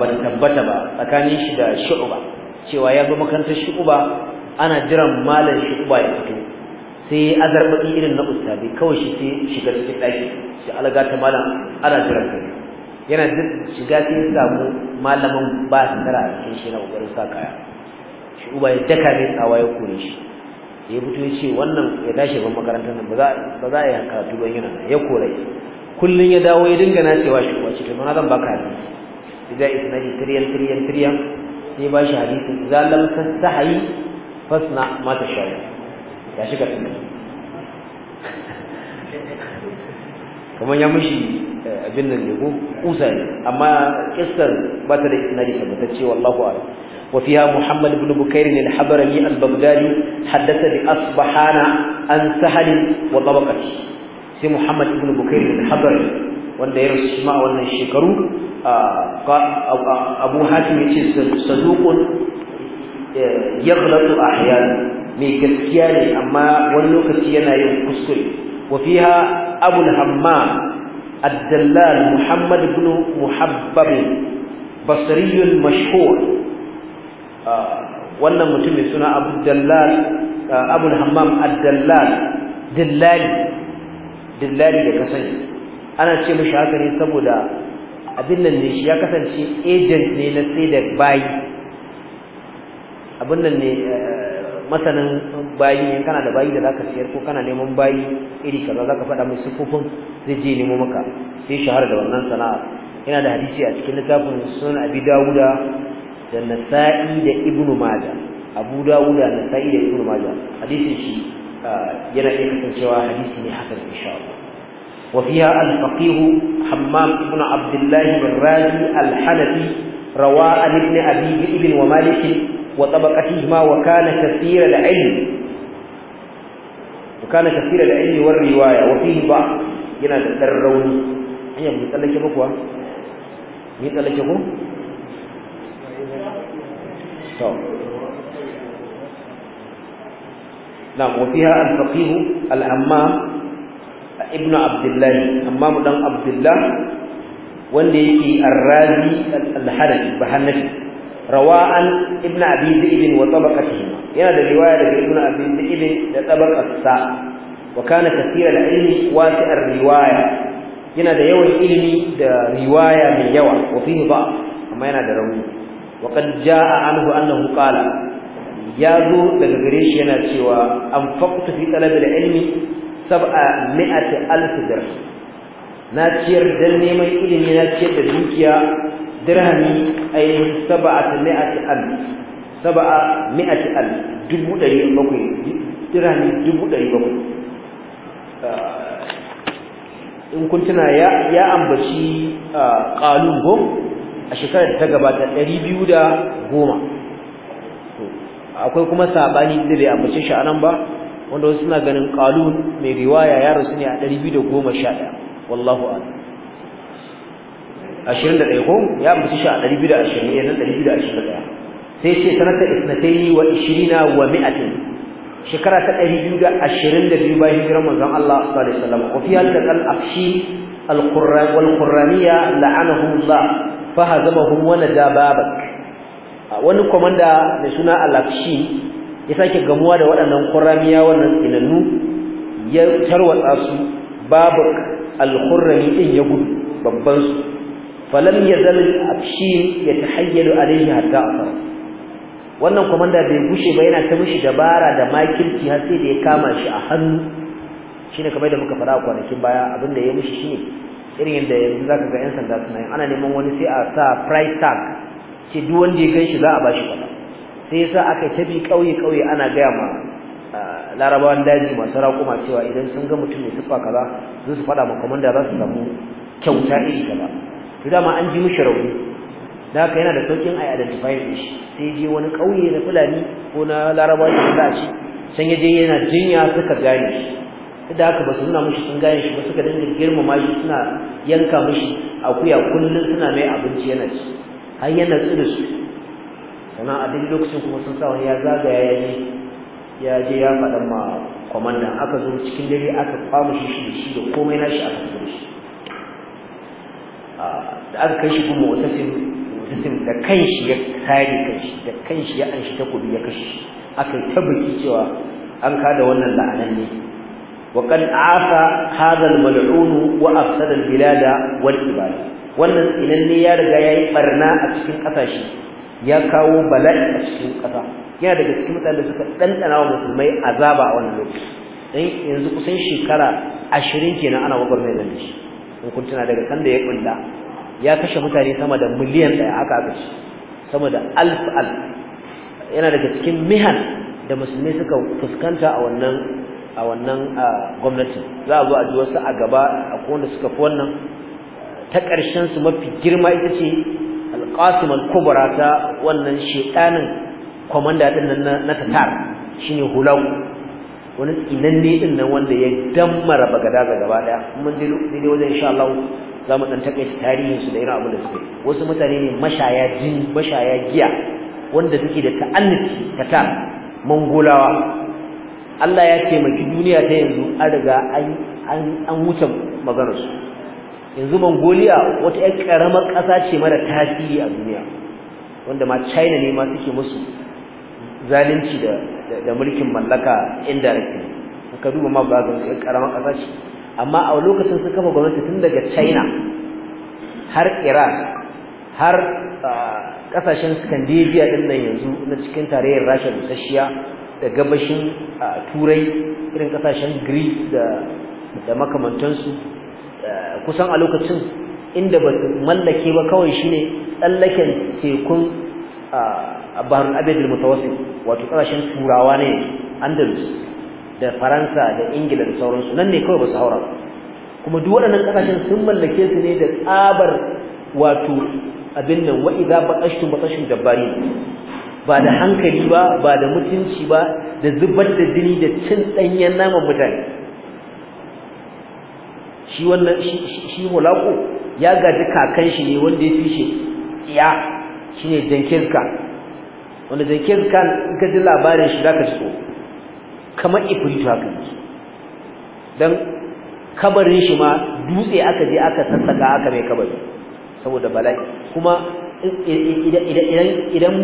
Speaker 1: ba da tabbata ba tsakanin shi da shu'uba cewa ya zo makarantar shu'uba ana jiran malam shu'uba ya fito sai azarbaɗi irin na ustadi kawai shi sai shiga cikin ɗaki shi alaga ta malam ana jiran kai yana duk shiga sai ya samu malamin ba su tara a cikin shi na ƙoƙarin sa kaya shi uba ya daka ne tsawa ya kore shi ya fito ya ce wannan ya tashi ban makarantar nan ba za a yi karatu ba yana ya kore kullum ya dawo ya dinga nacewa shi uba ce to mana zan baka hadisi idan yi tiryan tiryan tiryan sai ba shi hadisi idan lam tasahi fasna mata shawara ya shiga tsina kamar ya mishi eh, abin nan ne ko kusa ne amma kissar ba ta da isnadi tabbatacce wallahu a'lam وفيها محمد بن بكير الحبرمي البغدادي حدث بأصبحان عن سهل وطبقته سي محمد بن بكير الحبرمي wanda ya rasu ma wannan shekaru ah, abu hatim yace saduqun yaghlatu ahyana mai gaskiya ne amma wani lokaci yana yin kuskure wa fiha abul hammam الدلال محمد بن محبب بصري مشهور wannan mutumin suna Abu Dallal Abu Hammam ad Dillali Dillali da ana ce mishi haka ne saboda abin nan ne shi ya kasance agent ne na sai da bayi abin nan ne eh, masanin bayi in kana da bayi da zaka ciyar ko kana neman bayi iri kaza zaka faɗa mai sufufin zai je nemo maka sai shahara da wannan sana'a yana da hadisi a cikin littafin sunan abi dawuda da nasa'i da ibnu maja abu dawuda nasa'i da ibnu maja hadisin shi eh, yana iya kasancewa hadisi ne hakan insha Allah وفيها الفقيه حمام بن عبد الله الرازي الحنفي رواء عن ابن أبي ذئب ومالك وطبقتهما وكان كثير العلم وكان كثير العلم والرواية وفيه بعض هنا da ɗan مثل hanyar مثل tsallake نعم وفيها الفقيه الحمام ibnu abdullahi amma mu dan abdullah wanda yake ar-razi al-hanafi bahanafi rawa'an ibn abi zaid wa tabaqatihi yana da riwaya daga ibn abi zaid da tabaqatsa wa kana kathira al-ilmi wasi'ar riwaya yana da yawan ilimi da riwaya mai yawa wa fihi ba amma yana da rauni wa qad jaa anhu annahu qala ya zo daga gare shi yana cewa an faqtu fi talabil ilmi sab'a mi'ati alf dirham na ciyar da neman ilimi na ciyar da dukiya dirhami ay sab'ati mi'ati alf sab'a mi'ati alf dubu ɗari bakwai dirhami dubu ɗari bakwai ah, in kun tuna ya ya ambaci qalun ah, go a shekarar da ta gabata ɗari biyu da goma akwai kuma sabani da bai ambace shi anan ba wanda wasu suna ganin qalun mai riwaya ya rasu ne a 211 wallahu a'lam 21 ko ya mutu shi a 220 yanzu 221 sai ce sanata isnataini wa 20 wa 100 shekara ta 222 bayan hijirar manzon Allah sallallahu alaihi wasallam wa fi halakal afshi al-qurran wal qurraniya la'anahu Allah fa hazamahum wa nadababak wani komanda mai suna al-afshi ya sake gamuwa da waɗannan ƙuramiya wannan tsinannu ya tarwatsa su babu alƙurrami ɗin ya gudu babban su falam ta abshin a alayhi hatta fara wannan kwamanda bai gushe ba yana ta mishi dabara da makirci har sai da ya kama shi a hannu shine kamar da muka fara kwanakin baya abin da ya mishi shine irin yadda yanzu zaka ga yan sanda suna yin ana neman wani sai a sa price tag ce duk wanda ya kai shi za a ba shi kwana sai yasa aka tabi kauye kauye ana gaya ma larabawan daji masu raƙuma cewa idan sun ga mutum mai siffa kaza su su fada ma komanda za su samu kyauta iri kaza to dama an ji mishi rauni da haka yana da saukin a identify shi sai je wani kauye na fulani ko na larabawa da za shi san ya yana jinya suka gane shi da haka ba su nuna mishi sun gane shi ba suka dinga girmama shi suna yanka mishi akuya kullum suna mai abinci yana ci har yana tsirin su sannan a duk lokacin kuma sun sa wani ya zagaya ya je ya je ya faɗa ma kwamandan aka zo cikin dare aka kwamu shi shi shi da komai nashi aka fito shi da aka kai shi kuma wata mutasim da kan shi ya kare shi, da kan shi ya anshi takobi ya kashe aka yi tabbaki cewa an kada wannan la'anan ne وقد عاف هذا الملعون وافسد البلاد والعباد wannan tsinanne ya riga ya yi barna a cikin ƙasashe. ya kawo bala'i a cikin ƙasa yana daga cikin mutane da suka ɗanɗana wa musulmai azaba a wannan lokaci dan yanzu kusan shekara ashirin kenan ana gwagwarmayar mai da shi in kun daga kan ya ƙulla ya kashe mutane sama da miliyan ɗaya haka aka ci sama da alf alf yana daga cikin mihan da musulmai suka fuskanta a wannan a wannan gwamnati za a zo a ji wasu a gaba a kowanne suka fi wannan ta ƙarshen su mafi girma ita ce qasim al-kubra ta wannan shedanin komanda din nan na tatar shine hulau wani tsinanne din nan wanda ya dammara bagadaza gaba daya mun je ne wajen insha Allah za mu dan shi tarihin su da irin abin da suke wasu mutane ne mashaya jin mashaya giya wanda suke da ta'annuci tatar mongolawa Allah ya taimaki duniya ta yanzu an riga an an wuce maganar su yanzu mongolia wata ƴan ƙaramar ƙasa ce mara tasiri a duniya wanda ma china ne ma suke musu zalunci da da mulkin mallaka indirectly ka duba ma ba ga ƴan ƙaramar ƙasa ce amma a lokacin sun kafa gwamnati tun daga china har iran har kasashen scandinavia din nan yanzu na cikin tarayyar rasha da sashiya da gabashin turai irin kasashen greece da makamantansu kusan a lokacin inda ba mallake ba kawai shine tsallaken tekun bahar abidul mutawassit wato kasashen turawa ne andalus da faransa da ingila da sauransu nan ne kawai ba su haura kuma duk waɗannan kasashen sun mallake su ne da tsabar wato abin nan wa idza baqashtum baqashtum jabbari ba da hankali ba ba da mutunci ba da zubar da jini da cin ɗanyen naman mutane shi wannan shi mulaku ya gaji kakan shi ne wanda ya fi shi ya shi Jenkins Khan wanda Jenkins Khan in ka ji labarin shi zaka so kamar ifrit haka dan kabarin shi ma dutse aka je aka sassaka aka mai kabari saboda bala'i kuma idan idan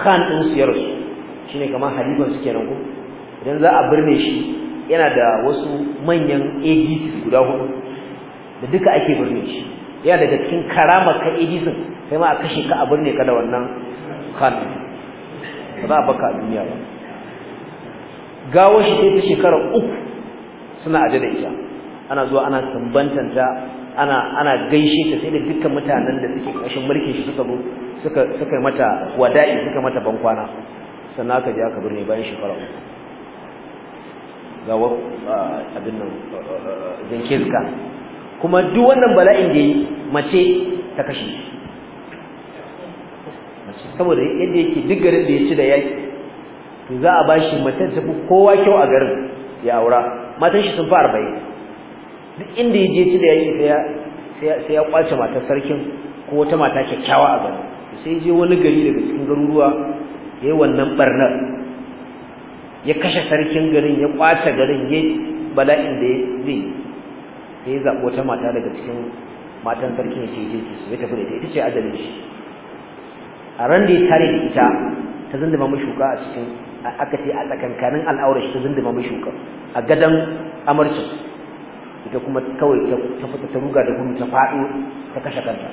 Speaker 1: Khan din su yarsu shine kamar halifan su kenan ko idan za a birne shi yana da wasu manyan ADC guda hudu da duka ake birne shi yana daga cikin karamar ka ADC sai ma a kashe ka a birne ka da wannan khan ba za a baka a duniya ba Gawar shi sai ta shekara uku suna aje da ita ana zuwa ana tambantanta ana ana gaishe ta sai da dukkan mutanen da suke kashin mulkin shi suka suka suka mata wada'i suka mata bankwana sannan aka je aka birne bayan shekara uku ga abin nan jinkirka kuma duk wannan bala'in da yi mace ta kashe shi saboda yadda yake duk garin da ya ci da yaki to za a bashi matan ta fi kowa kyau a garin ya aura matan shi sun fi arba'in duk inda ya je ci da yaki sai ya kwace matar sarkin ko wata mata kyakkyawa a garin sai je wani gari daga cikin garuruwa yi wannan barnar ya kashe sarkin garin ya kwace garin ya bala'in da zai ya yi zaɓo ta mata daga cikin matan sarkin ce je ki ya tafi da ita ita ce ajalin shi a ran da ya tare da ita ta zindima mai shuka a cikin aka ce a tsakankanin al'aurar shi ta zindima mai shuka a gadon amarcin ita kuma kawai ta fita ta ruga da gudu ta faɗo ta kashe kanta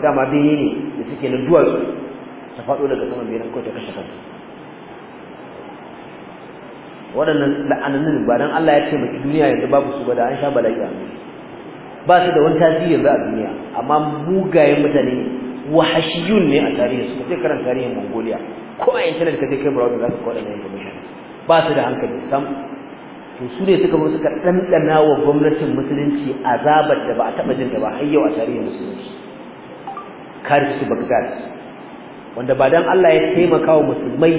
Speaker 1: dama bene ne da suke na duwatsu ta faɗo daga saman bene kawai ta kashe kanta waɗannan la'anannin ba dan Allah ya ce mai duniya yanzu babu su ba da an sha bala'i ba su da wani tasiri yanzu a duniya amma mugayen mutane wahashiyun ne a tarihi su kace karan tarihin Mongolia ko a internet kace kai browser za ka kwaɗa na information ba su da hankali sam to su ne suka zo suka ɗanɗana wa gwamnatin musulunci azabar da ba a taɓa jin ta ba har yau a tarihin musulunci su Baghdad wanda ba dan Allah ya taimaka wa musulmai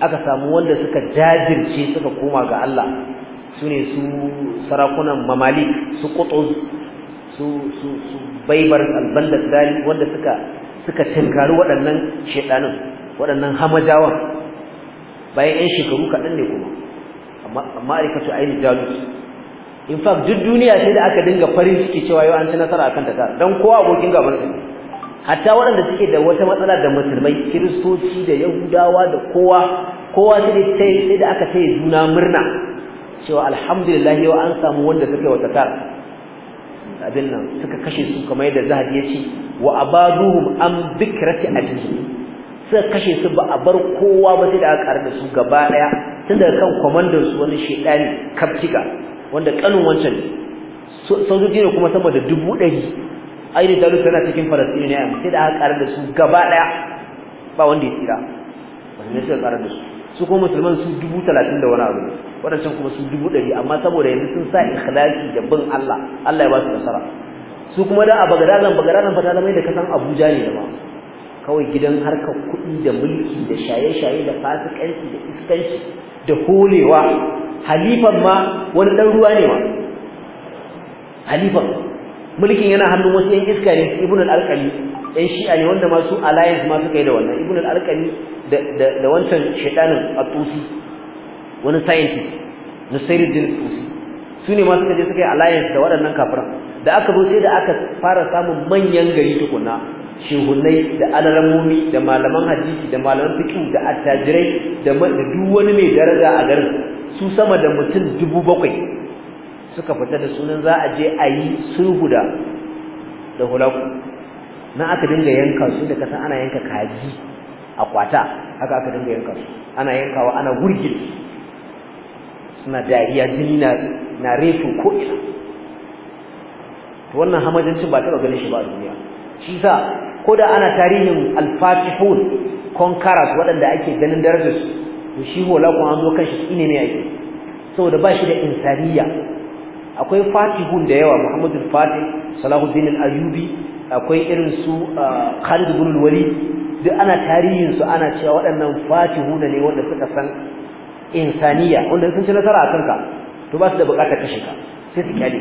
Speaker 1: aka samu wanda suka jajirce suka koma ga Allah su ne su sarakunan mamalik su qutuz su su su baibar albalad dali wanda suka suka tinkari waɗannan shedanin waɗannan hamajawan bayan 'yan shekaru kaɗan ne kuma Amma ma'arikatu ainihin jalus in fact duk duniya sai da aka dinga farin ciki cewa yau an ci nasara akan ta don kowa abokin gaban su hatta waɗanda suke da wata matsala da musulmai kiristoci da yahudawa da kowa kowa sai sai da aka sai juna murna cewa alhamdulillah yau an samu wanda suka wata abin nan suka kashe su kamar yadda zahabi ya ce wa abaduhum an bikrati ajihi suka kashe su ba a bar kowa ba sai da aka da su gaba daya tun daga kan kwamandan su wani shedani kaftika wanda kanun wancan sojoji ne kuma sama da dubu ɗari ai rijalu tana cikin falastini ne amma sai da aka karar da su gaba daya ba wanda ya tsira wannan sai karar da su su ko musulman su dubu talatin da wani abu wadancan kuma su dubu ɗari amma saboda yanzu sun sa ikhlasi da bin Allah Allah ya ba su nasara su kuma da a bagadadan bagadadan fata da mai da kasan Abuja ne da ba? kawai gidan harkar kuɗi da mulki da shaye-shaye da fasikanci da iskanci da holewa halifan ma wani ɗan ruwa ne ma halifan mulkin yana hannun wasu yan iska ne ibn al-alqami yan shi'a ne wanda masu alliance ma suka yi da wannan ibn al-alqami da da wancan shaytanin atusi wani scientist nusayruddin atusi su ne ma suka je suka yi alliance da waɗannan kafiran da aka zo sai da aka fara samun manyan gari tukunna shehunai da alaramomi da malaman hadisi da malaman fiqh da attajirai da duk wani mai daraja a garin su sama da mutum dubu bakwai suka fita da sunan za a je a yi sulhu da da hulaku na aka dinga yanka su da kasan ana yanka kaji a kwata haka aka dinga yanka su ana yankawa ana gurgin suna dariya jini na na reto ko ina to wannan hamajancin ba taɓa ganin shi ba a duniya shi sa ko da ana tarihin alfatihun conquerors waɗanda ake ganin darajar, to shi hola an zo kan shi ne ne ake saboda ba shi da insaniya akwai fatihun da yawa muhammadu fatih salahuddin al-ayubi akwai irin su ah, khalid ibn al-walid duk ana tarihin su ana cewa waɗannan fatihuna ne wanda suka san insaniya wanda sun ci nasara akan ka to ba su da bukatar kashe ka sai su kyale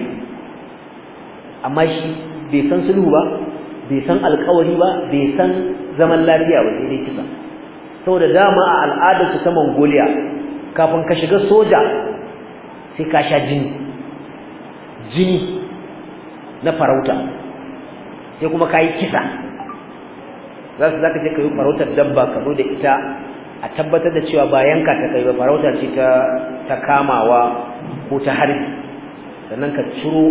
Speaker 1: amma shi bai san sulhu ba bai san alƙawari ba bai san zaman lafiya ba sai dai kisa saboda dama a al'adarsu ta Mongolia kafin ka shiga soja sai ka sha jini jini na farauta sai kuma ka yi kisa za su ka je ka yi farautar dabba ka zo da ita a tabbatar da cewa ba yanka ta kai ba farauta ce ta kamawa ko ta harbi sannan ka ciro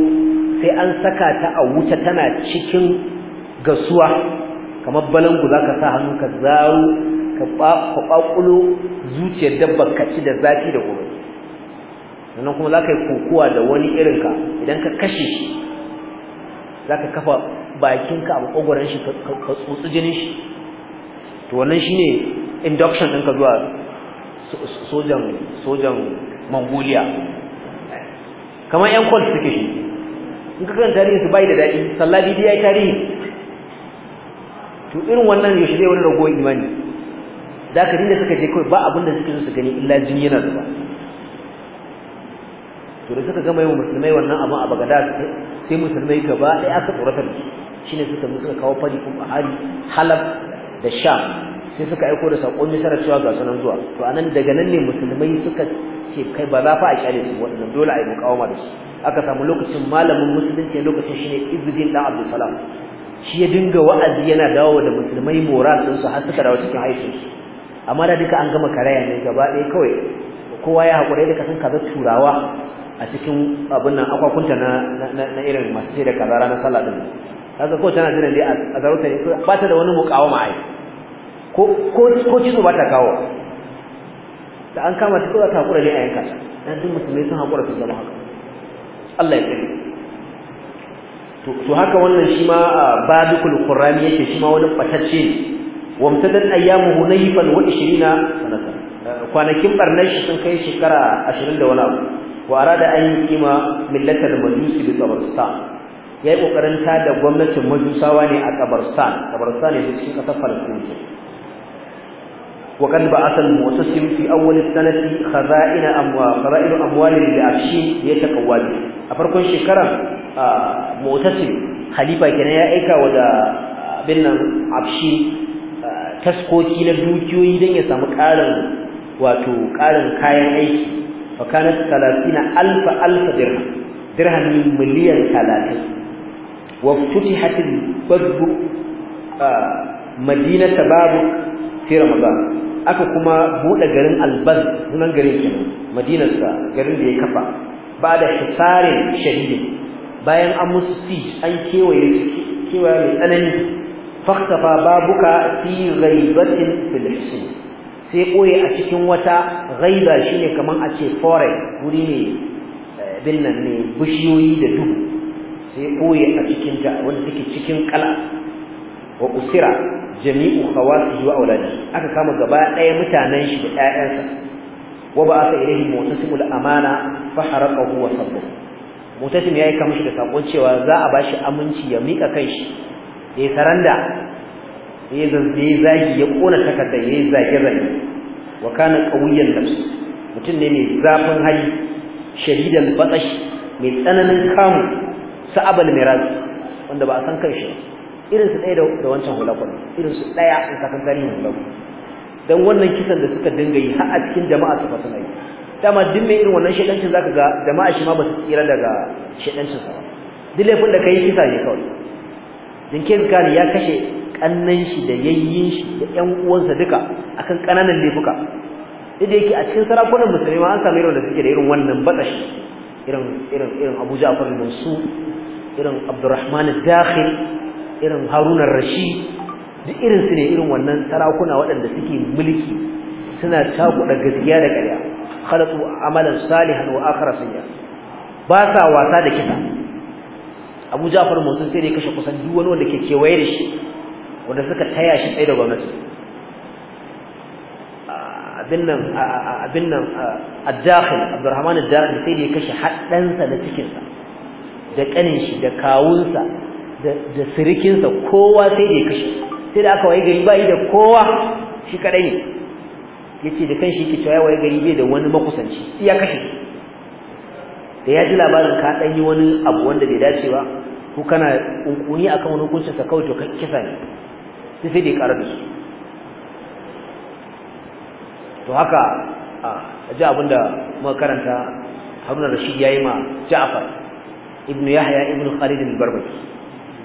Speaker 1: sai an saka ta a wuta tana cikin gasuwa kamar balangu za ka sa hannu ka zaro ka kwakulo zuciyar dabba ka ci da zafi da gobe sannan kuma za ka yi kokuwa da wani irinka idan ka kashe shi za ka kafa bakinka a makogwaron shi ka tsotsi jinin shi to wannan shi ne induction ɗinka zuwa sojan sojan mongolia kamar yan kwal suke shi in ka kan tarihi su bai da daɗi sallabi dai ya yi tarihi to irin wannan yaushe zai wani ragowar imani da aka dinda suka je kawai ba abin da suke so su gani illa jini yana zuba to da suka gama yi musulmai wannan abu a Baghdad sai musulmai gaba ɗaya aka tsorata da shi ne suka suka kawo fari kuma hari Halab da sha sai suka aiko da saƙon Misra cewa ga sunan zuwa to anan daga nan ne musulmai suka ce kai ba za fa a kyale su wannan dole a yi mukawama da su aka samu lokacin malamin musulunci lokacin shine ibrahim dan Abdul Salam shi ya dinga wa'azi yana dawo da musulmai moral din su har suka dawo cikin haifin amma da duka an gama karaya ne gaba ɗaya kawai kowa ya haƙura da kasan kaza turawa a cikin abin nan akwakunta na irin masu sai da kazara na sallah din kaga ko tana jiran dai a zarauta ne ba ta da wani mukawama ai ko ko ko cizo ba ta kawo da an kama ta kawai ta hakura ne a yanka dan duk musulmai sun hakura su zama haka Allah ya tsare to haka wannan shi ma badukul qurani yake shi ma wani batacce ne mutadan ayyamu hunayfan wa 20 sanatan kwanakin barnar shi sun kai shekara 20 da wani abu wa arada an yuqima millatal majusi bi tabarstan ya yi ƙoƙarin ta da gwamnatin majusawa ne a kabarstan kabarstan ne cikin ƙasar falastin وقد بعث المؤتسم في أول السنة خزائن أموال خزائن أموال لأبشين يتقوى به أفركم شكرا مؤتسم خليفة كان يأيكا ودا بنا أبشين تسكوكي لدوكيو يدين يسامك آلم واتو آلم كاين أيكي fa kanat 30 alfa alf dirham dirhami miliyan 30 wa futihat al-badr ah, madinat babu fi aka kuma bude garin albaz sunan garin kenan madinar garin da ya kafa ba da hisarin shahidi bayan an musu si an kewaye su kewaye mai tsanani faktafa babuka fi ghaibatin sai ɓoye a cikin wata ghaiba shine kaman a ce foreign wuri ne eh, bin nan ne bishiyoyi da duhu sai ɓoye a cikin ta wanda take cikin kala wa usira jami'u khawasi wa auladi aka kama gaba ɗaya mutanen shi da ƴaƴansa wa ba aka ilahi mutasimul amana fa haraqahu wa sabbu mutasim yayi kama shi da sakon cewa za a bashi aminci ya mika kanshi ya saranda ya yi zagi ya kona takardar ya zage-zage wa kana qawiyyan nafs mutum ne mai zafin hali shahidan batsash mai tsananin kamu sa'abal miraz wanda ba a san kai shi irin su ɗaya da wancan hulakon irin su ɗaya in ka san tarihin hulakon dan wannan kisan da suka dinga yi har a cikin jama'a su fata yi dama duk mai irin wannan shedancin zaka ga jama'a shi ma ba su tsira daga shedancin sa ba duk laifin da kai kisa ne kawai Jinkir Kari ya kashe kannan shi da yayyin shi da ƴan uwansa duka akan kananan laifuka duk da yake a cikin sarakunan musulmi an samu irin da suke da irin wannan batsashi irin irin irin Abu Ja'far al-Mansur irin Abdurrahman al-Dakhil irin Harun al-Rashid duk irin su ne irin wannan sarakuna waɗanda suke mulki suna takuɗa gaskiya da ƙarya khalatu amalan salihan wa akhara sayya ba sa wasa da kisa Abu Ja'far Mansur sai dai ya kashe kusan duk wani wanda ke kewaye da shi wanda suka taya shi tsaye da gwamnati abin nan abin nan ad-dakhil Abdurrahman ad-dakhil sai da ya kashe haddansa da cikinsa da kanin shi da kawunsa da da sirikinsa kowa sai da ya kashe sai da aka waye gari bai da kowa shi kadai ne yace da kanshi yake tsaye waye gari bai da wani makusanci iya kashe da ya ji labarin ka dan yi wani abu wanda bai dace ba ko kana kunkuni akan wani kunce ka kawai to kai kisa ne sai sai dai karar da shi to haka a ji da muka karanta Haruna Rashid yayi ma Ja'far ibn Yahya ibn Khalid al-Barbaki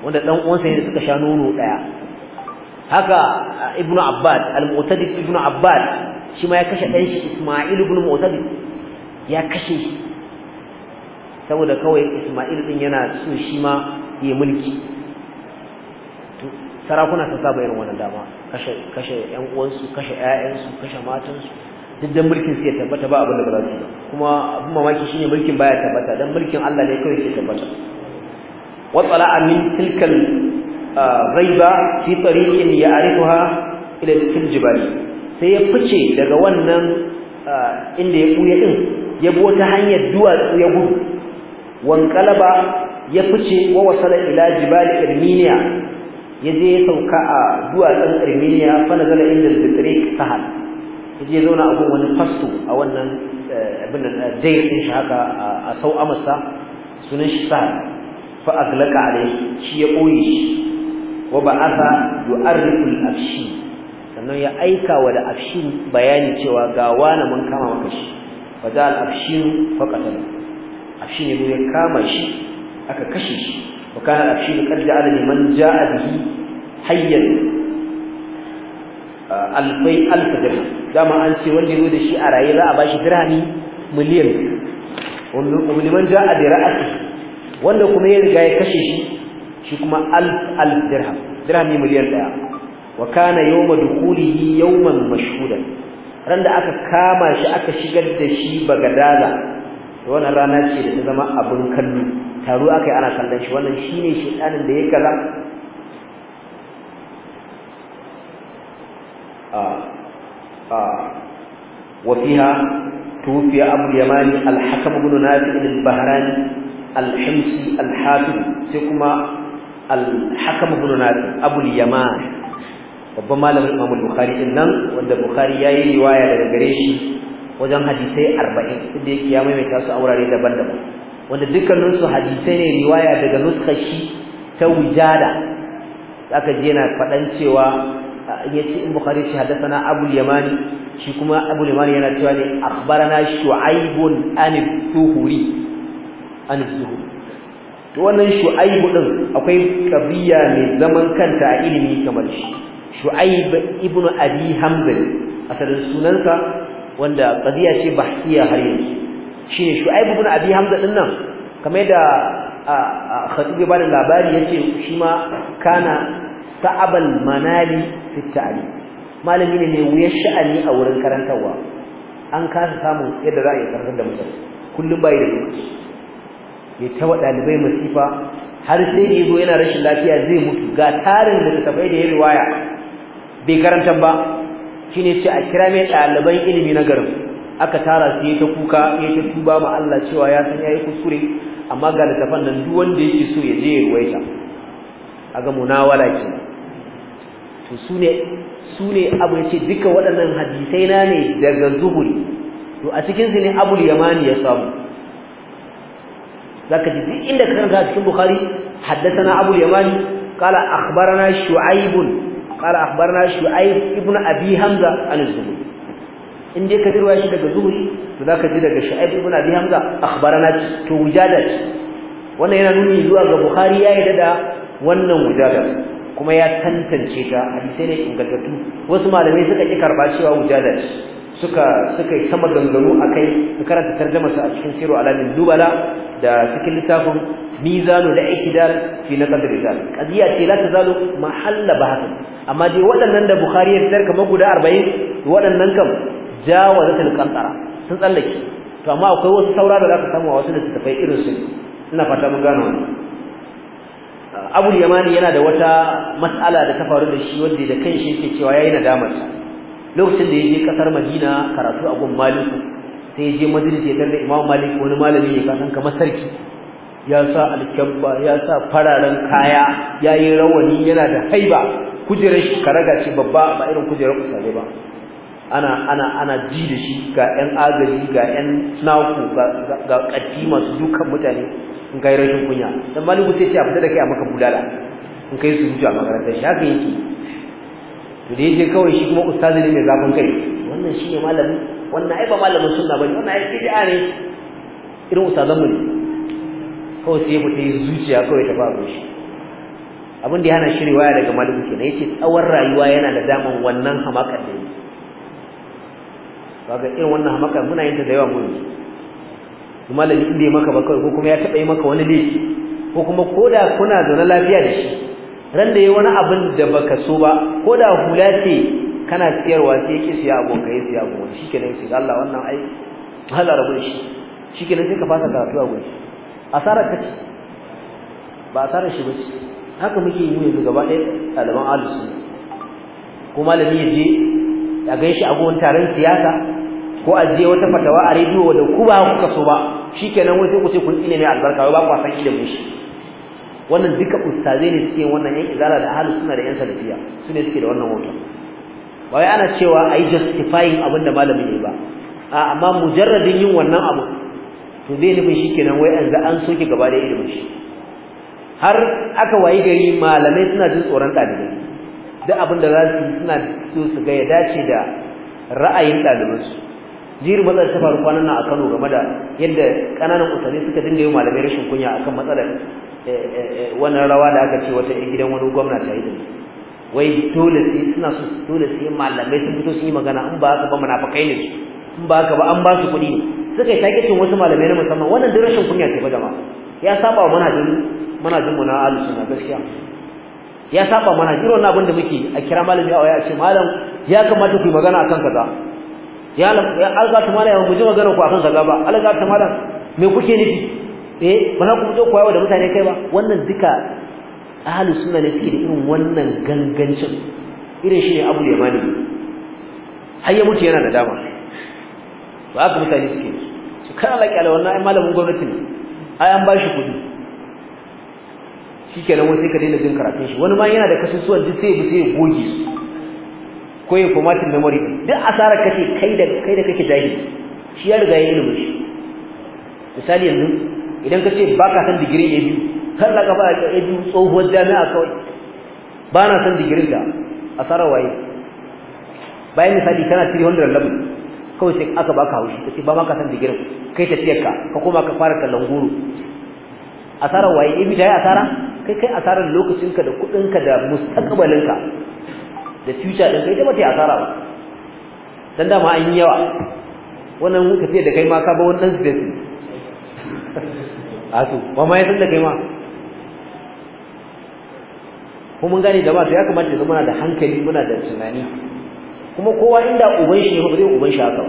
Speaker 1: wanda dan uwansa ne suka sha nono daya haka ibn Abbad al-Mu'tadid ibn Abbad shi ma ya kashe dan shi Isma'il ibn Mu'tadid ya kashe saboda kawai Isma'il din yana so shi ma ya mulki sarakuna ta saba irin wannan dama kashe kashe ƴan uwansu kashe ƴaƴansu kashe matansu duk dan mulkin sai ya tabbata ba abin da ba su kuma abin mamaki shine mulkin baya tabbata dan mulkin Allah ne kawai ke tabbata wa tsala min tilkal ah, ghaiba fi tariqin ya'rifuha ila tilkal jibal sai ya fice daga wannan ah, inda ya buya din ya bi wata hanyar duwatsu ya gudu wankalaba ya fice wa wasala ila jibal irminiya yaje ya sauka a duwatsun arminiya fa nazala inda al-bitrik Ya yaje zauna a wani fasto a wannan eh, abin nan eh, shi haka a sau amsa sunan shi sahal fa aglaqa alayhi shi ya ɓoye shi wa ba'atha yu'arrifu al-afshi sannan ya aika wa da afshi bayani cewa ga wani mun kama maka shi fa da al fa qatala afshin ya ya kama shi aka kashe shi wa kana afshin qad ja'ala liman ja'a bihi hayyan alfai alf dirham dama an ce wanda ya da shi a raye za a bashi dirhami miliyan wani liman ja'a bi ra'ati wanda kuma ya riga ya kashe shi shi kuma alf alf dirham dirhami miliyan daya wa kana yawma dukulihi yawman mashhudan ran da aka kama shi aka shigar da shi bagadaza wannan rana ce da ta zama abin kallo taro aka yi ana kallon shi wannan shi ne shiɗanin da ya gaza a wafiha tufi abulyamani alhakam gudu na filin baharani alhimsi alhafin sai kuma alhakam gudu na filin abulyamani babban malamin imamul bukari din nan wanda bukari ya yi riwaya daga gare shi wajen hadisai arba'in, inda yake ya maimaita su a wurare daban-daban wanda dukkanin hadisai ne riwaya daga nuskar shi ta wujada aka ji yana faɗan cewa yace in bukhari shi na abu yamani shi kuma abu yamani yana cewa ne na shu'aibun anif tuhuri anif tuhuri to wannan shu'aibu din akwai kabiya mai zaman kanta a ilimi kamar shi shu'aib ibnu abi hamza asalin sunansa wanda qadiya ce bahtiya har yanzu Shi shu'aib ibn abi hamza din nan kamar yadda khatib ya bada labari yace shi ma kana sa'abal manali fi ta'lim malami ne mai wuyar sha'ani a wurin karantarwa an kasa samun yadda za a yi karatu da mutane kullum bai da lokaci ya ta wa ɗalibai masifa har sai ya zo yana rashin lafiya zai mutu ga tarin da tafai da ya riwaya bai karanta ba shine ce a kira mai ɗaliban ilimi na garin aka tara su yake kuka yake tuba ma Allah cewa ya san yayi kuskure amma ga littafan nan duk wanda yake so ya je ya ruwaita ga munawala ke to sune ne abu ce duka waɗannan hadisai na ne daga zuhuri to a cikin su ne abul yamani ya samu zaka ji duk inda ka karanta cikin bukhari haddathana abul yamani qala akhbarana shu'aibun قال أخبرنا شعيب ابن أبي حمزة عن الزهري إن دي كثير واشي لك الزهري فذاك دي شعيب ابن أبي حمزة أخبرنا توجادت wannan yana nuni zuwa ga Buhari ya yarda da wannan wujada kuma ya tantance ta hadisai ne ingantattu wasu malamai suka ki karba cewa wujada suka suka yi ganganu a kai su karanta tarjuma a cikin siro alamin dubala da cikin littafin mizanu da ihdar fi na qadri zal qadiya ce la tazalu mahalla haka amma dai waɗannan da bukhari ya tsar kamar guda 40 waɗannan kam jawazatul qantara sun tsallake to amma akwai wasu saura da zaka samu a wasu tafi irin su ina fata mun gano Abu Yamani yana da wata mas'ala da ta faru da shi wanda da kanshi yake cewa yayi nadamar lokacin da yaje kasar Madina karatu a gun Malik sai yaje Madina ya tarda Imam Malik wani malami ne kasan kamar sarki ya sa alkyamba ya sa fararen kaya ya yi rawani yana da haiba kujerar shi ka raga shi babba ba irin kujerar kusale ba ana ana ana ji da shi ga yan agaji ga yan naku ga katti masu dukan mutane in kai rashin kunya dan maliku sai ce a fita da kai a maka bulala in kai su mutu a makarantar shi haka yake to da yake kawai shi kuma ustazi ne mai zafin kai wannan shi ne malami wannan ai ba malamin sunna bane wannan ai bid'a ne irin ustazan mu ne kawai sai mutum yi zuciya kawai ta faru shi abin da ya hana shi riwaya daga ke kenan yace tsawon rayuwa yana da daman wannan hamakar da yi ga irin wannan hamakar muna yin ta da yawa mun kuma malami inda ya maka ba kawai ko kuma ya taba yi maka wani laifi ko kuma da kuna zaune lafiya da shi ran da ya wani abin da baka so ba ko da hula ce kana siyarwa sai ki siya abokai siya abokai shikenan sai Allah wannan ai hala rabu shi nan sai ka fasa karatu a gurin asarar kace ba asarar shi bace haka muke yi yanzu gaba ɗaya ɗaliban alusu ko malami ya je a gaishe a gowan taron siyasa ko a je wata fatawa a rediyo da ku ba kuka so ba shikenan wai sai ku ce kun ne mai albarka ba ku san ilimin shi wannan duka ustazai ne suke wannan yan izara da ahlus sunna da yan salafiya su ne suke da wannan hoto wai ana cewa ai justifying abin da malami ne ba a amma mujarradin yin wannan abu to zai nufin shi kenan wai an an soke gaba da ilimin shi har aka wayi gari malamai suna jin tsoron ɗalibai duk abin da za su suna so su ga ya dace da ra'ayin ɗalibansu jiri matsalar ta faru kwanan nan a Kano game da yadda ƙananan usani suka dinga yi malamai rashin kunya a kan matsalar eh, eh, eh, wannan rawa da aka ce wata gidan wani gwamna ta yi wai dole sai suna so malamai sun fito su yi magana in ba haka ba munafakai ne su in ba haka ba an ba su kuɗi ne suka yi cin wasu malamai na musamman wannan duk rashin kunya ce ba jama'a ya saba wa manhajin manajin mu na ahlus gaskiya ya saba mana irin wannan abin da muke a kira malami a waya ce malam ya kamata ku yi magana akan kaza ya ya alga ta malam mu ji magana ku akan kaza ba alga ta malam me kuke nufi eh ba na ku je koyawa da mutane kai ba wannan duka ahlus sunna ne suke da irin wannan gangancin irin shi ne da yamani har ya mutu yana da dama to haka mutane suke su kana laƙi ala wannan ai malamin gwamnati ne ai an ba shi kuɗi shikenan wai sai ka daina jin karatun shi wani ma yana da kasusuwan duk sai ya bi sai ya goge su ko ya formatin memory duk asarar kace kai da kai da kake jahili shi ya riga ya yi shi misali yanzu idan ka ce ba ka san digiri ya biyu kan na gaba ya biyu tsohuwar jami'a kawai ba na san digirin a asarar waye bayan misali kana 311 kawai sai aka baka haushi kace ba ma ka san digirin kai tafiyar ka ka koma ka fara kallon guru asara waye bi dai asara kai kai asarar lokacin ka da kudin ka da mustaqbalin ka da future din kai da bata asara ba dan da ma an yi yawa wannan ka da kai ma ka ba wannan space a to ba ma yasan da kai ma ko mun gane da ba to ya kamata ya zama da hankali muna da tunani kuma kowa inda uban shi ba zai uban shi haka ba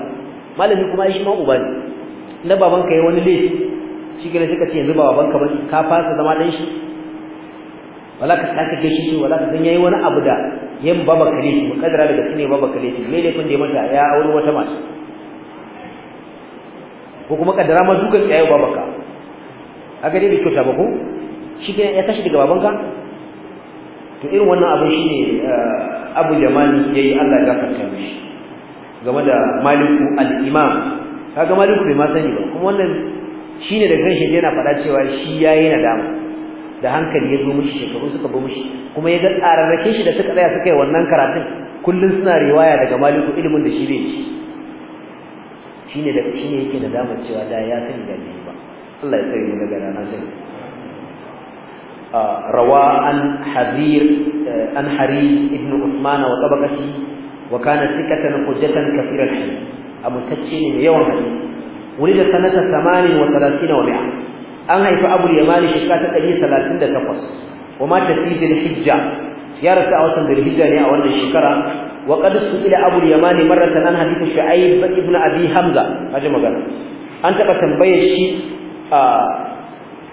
Speaker 1: malami kuma shi ma uba ne na babanka yayi wani laifi shi kira suka ka ce yanzu babanka ba ka fasa zama dan shi wala ka saka gaishe shi wala ka san yayi wani abu da yan baba kare shi kadara daga cikin baba kare shi me laifin da ya mata ya aure wata mace ko kuma kadara ma dukan yayi babaka aka dai da kyauta ba ko shi kenan ya tashi daga babanka to irin wannan abin shine eh, abu jamani yi Allah ya gafarta mishi game da maliku al’imam ta kaga maliku bai masani sani ba kuma wannan shine da kanshi yana faɗa cewa shi ya na nadama da hankali ya zo mishi shekaru suka bi mishi kuma ya ga tsararrake shi da suka tsaya suka yi wannan karatun kullum suna riwaya daga maliku ilimin da shi bai ci shi da shine yake nadama cewa da ya sani da bai ba Allah ya tsare mu daga ranar sani rawa an hazir an hari ibn usman wa tabaqati wa kana sikatan hujjatan kathiran hadith abu tacini ne yawan hadith wurin da sanata 38 wa 100 an haifa abul yamani shekara ta 38 wa ma tafidil hijja ya rasa awatan da hijja ne a wannan shekara wa qad su'ila abul yamani marratan an hadith shu'aib ibn abi hamza haje an taba tambaye shi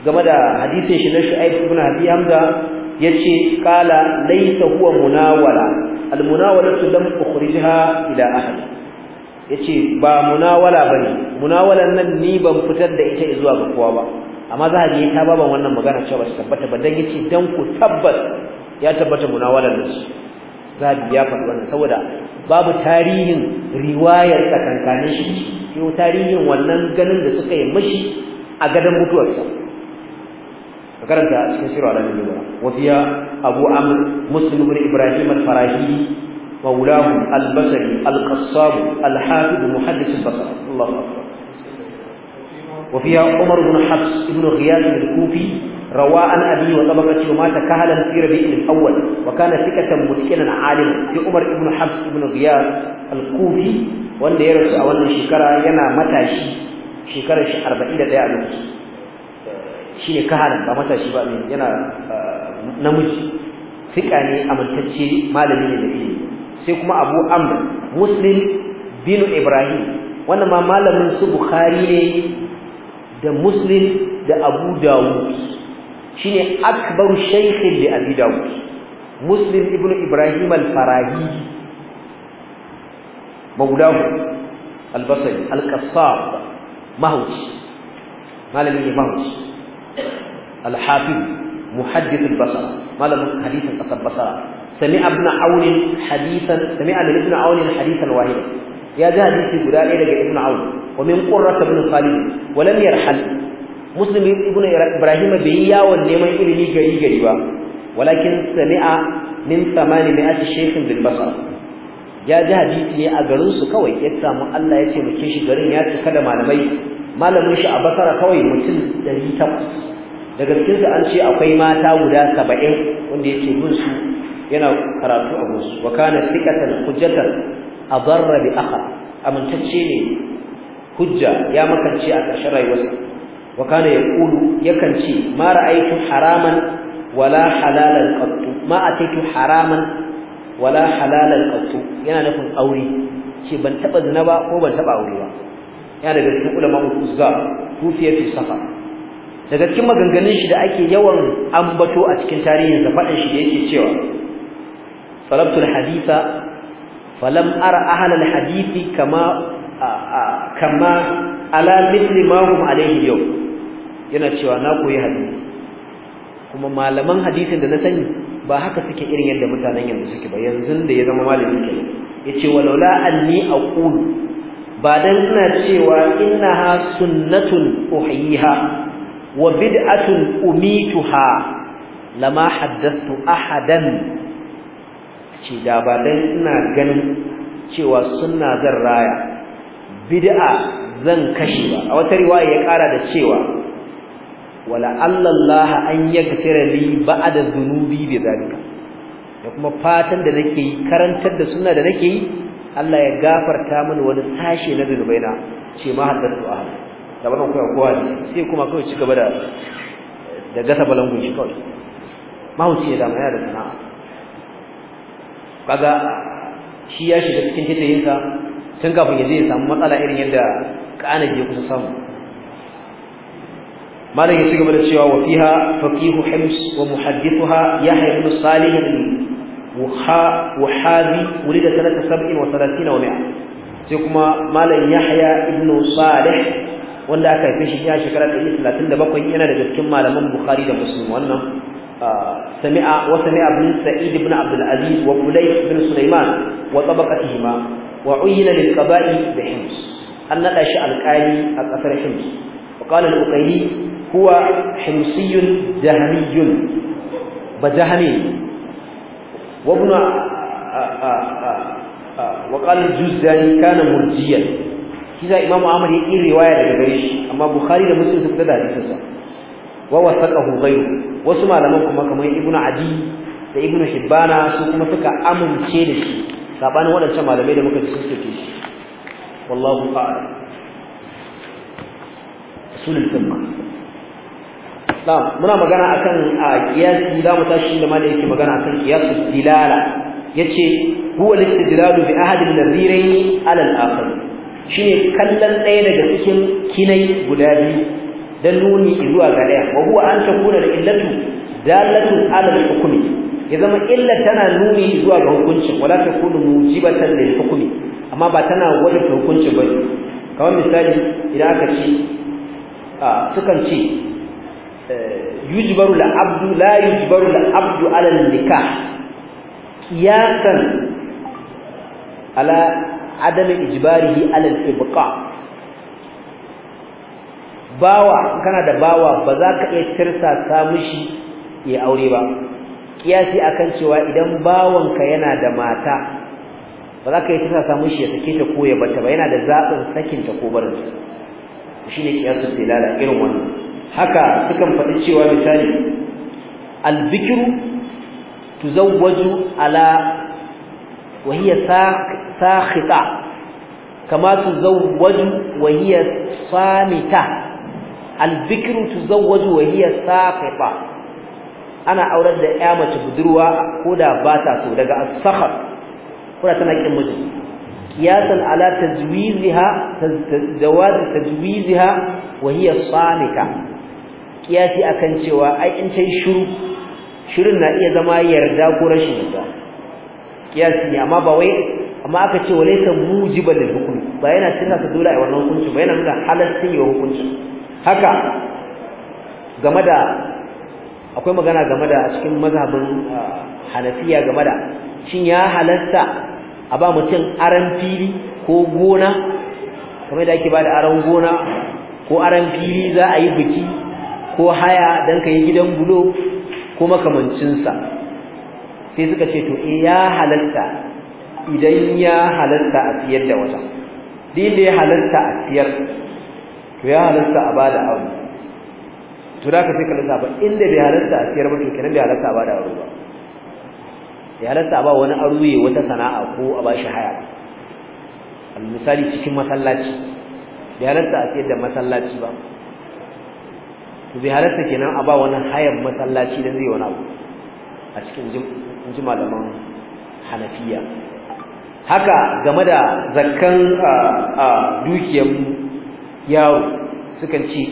Speaker 1: game da hadisin shi na Shu'aib ibn Abi Hamza yace qala laysa huwa munawala al munawalatu lam ukhrijha ila ahli yace ba munawala bane munawalan nan ni ban fitar da ita zuwa ga kowa ba amma za a je ta baban wannan magana cewa ba ta tabbata ba dan yace dan ku tabbas ya tabbata munawalan nan zabi ya faɗi wannan saboda babu tarihin riwayar tsakankanin shi yau tarihin wannan ganin da suka yi mashi a gadon mutuwarsa karanta cikin shiru a ya abu amur muslim ibn ibrahim al-farahi maulahu al-basari al-qassab al-hafid muhaddis al-basar Allahu umar ibn hafs ibn ghiyad al-kufi rawa an abi wa tabaka cewa mata kahalan sira bi ibn awwal wa kana fikatan mutkilan alim sai umar ibn hafs ibn ghiyad al-kufi wanda ya rasu a wannan shekara yana matashi shekarar shi 41 a lokacin shine kahanan ba matashi ba ne eh, yana eh, namiji fika ne amintacce malami ne da ilimi sai kuma Abu amur Muslim binu Ibrahim wannan ma malamin su Bukhari ne da Muslim da Abu Dawud shine akbaru shaikhin da Ali Dawud Muslim ibn Ibrahim al-Farahi maulahu al-Basri al kassar mahauci malami ne al-hafiz muhaddith al-basra malamin hadisin kasar basra sami ibn aun hadisan sami wahid ya ji hadisi guda ɗaya daga ibn aun wa min qurrat ibn khalid wa lam yarhal muslim ibn ibrahim yawon neman ilimi gari gari ba walakin sami'a min 800 shaykhin bil basra ya ji hadisi ne a garinsu kawai ya samu Allah ya ce muke shi garin ya cika da malamai malamin shi a basara kawai mutum 800 daga cikin su an ce akwai mata guda 70 wanda yake bin su yana karatu a gunsu wa kana thiqatan hujjatan adarra bi akha amintacce ne hujja ya makance a ƙarshen rayuwarsa wa kana yaqulu yakan ce ma ra'aytu haraman wala halalan qattu ma ataitu haraman wala halalan qattu yana nufin aure ce ban taba zina ba ko ban taba aure ba yana daga cikin ulama uzza kufiya fi safa daga cikin maganganun shi da ake yawan ambato a cikin tarihin sa faɗin shi da yake cewa talabtu alhaditha falam ara ahla alhadithi kama kama ala mithli ma hum alayhi yau yana cewa na koyi hadisi kuma malaman hadisin da na sani ba haka suke irin yadda mutanen yanzu suke ba yanzu da ya zama malami kenan yace walaula anni aqulu ba dan ina cewa innaha sunnatun uhyiha wa bid'atun umituha lama haddastu ahadan ce da ba dan ina ganin cewa sunna zan raya bid'a zan kashe ba a wata riwaya ya kara da cewa wala allallaha an yaghfira li ba'da dhunubi bi zalika da kuma fatan da nake yi karantar da sunna da nake yi Allah ya gafarta min wani sashe na zunubaina ce ma haddastu ahadan da wannan kowa kowa ne sai kuma kawai ci gaba da da gasa shi kawai mahauci ya dama ya da sana'a kaga shi ya shiga cikin tattayinsa tun kafin ya je ya samu matsala irin yadda kana ya kusa samu malam ya ci cigaba da cewa wa fiha faqihu hims wa muhaddithuha yahya ibn salih ibn wuha wuhadi wulida sanata 37 wa 100 sai kuma malam yahya ibn salih wanda aka haife shi ya shekara 137 yana da cikin malaman bukhari da muslim wannan sami'a wa sami'a bin sa'id ibn abdul aziz wa bulay bin sulaiman wa tabaqatihima wa uyina lil qaba'i bi hims an nada shi alqali a kasar hims wa qala al uqayli huwa himsiyyun jahmiyyun bajahmi wa ibn وقال الجزاني كان مرجيا kiza imamu ahmad ya ƙi riwaya daga gare shi amma bukhari da muslim suka da hadisin sa wa wasaqahu ghayru wasu malaman kuma kamar ibnu adi da ibnu hibbana su kuma suka amince da shi sabanin waɗancan malamai da muka ji shi wallahu a'lam sunan tamma na'am muna magana akan qiyasi da mu tashi da malai yake magana akan qiyasul dilala yace huwa al-istidlal bi ahadi al-nadhirayn ala al-akhar shine kallon ɗaya daga cikin kinai guda biyu dan nuni zuwa ga ɗaya wa huwa an takuna da illatu dalatu ala hukmi ya zama illa tana nuni zuwa ga hukuncin wala takunu mujibatan lil hukmi amma ba tana wajen hukuncin bane kamar misali idan aka ce sukan ce eh, yujbaru la abdu la yujbaru la abdu ala nikah qiyasan ala adami ijbarihi alal ibqa bawa kana da bawa ba za ka iya tirsa mishi ya aure ba kiyasi akan cewa idan bawanka yana da mata ba za ka iya tirsa ta mishi ya sake ta ko ya bata ba yana da zaɓin sakin ta ko barin ta shine kiyasu tilala irin wannan haka sukan faɗi cewa misali al-bikru tuzawwaju ala وهي ساخطة كما تزوج وهي صامتة البكر تزوج وهي ساقطة أنا أورد إعامة بدروة كودا باتا سوداء الصخر كودا تنكين مجد قياسا على تزويزها زواج تزويزها وهي صامتة قياسي أكن شواء أي إن شيء شروع shirin na iya zama yarda ko rashin yarda kiyasi ne amma ba wai amma aka ce wa laysa mujiban lil hukm ba yana cin ka dole a wannan hukunci ba yana nuna halaccin yawan hukunci haka game da akwai magana game da a cikin mazhabin ah, Hanafiya game da shin ya halasta a ba mutum aran fili ko gona kamar da ake ba da aran gona ko aran fili za a yi biki ko haya don ka yi gidan bulo ko makamancinsa sai suka ce to eh ya halatta idan ya halatta a tiyar da wata din da ya halatta a tiyar to ya halatta a bada aure to da ka sai ka lissafa inda bai halatta a tiyar ba to kenan bai halatta a bada aure ba bai halatta a ba wani aure wata sana'a ko a ba shi haya misali cikin masallaci bai halatta a tiyar da masallaci ba to bai halatta kenan a ba wani hayan masallaci dan zai wani abu a cikin in ji malaman hanafiya haka game da zakkan dukiyar yaro suka ce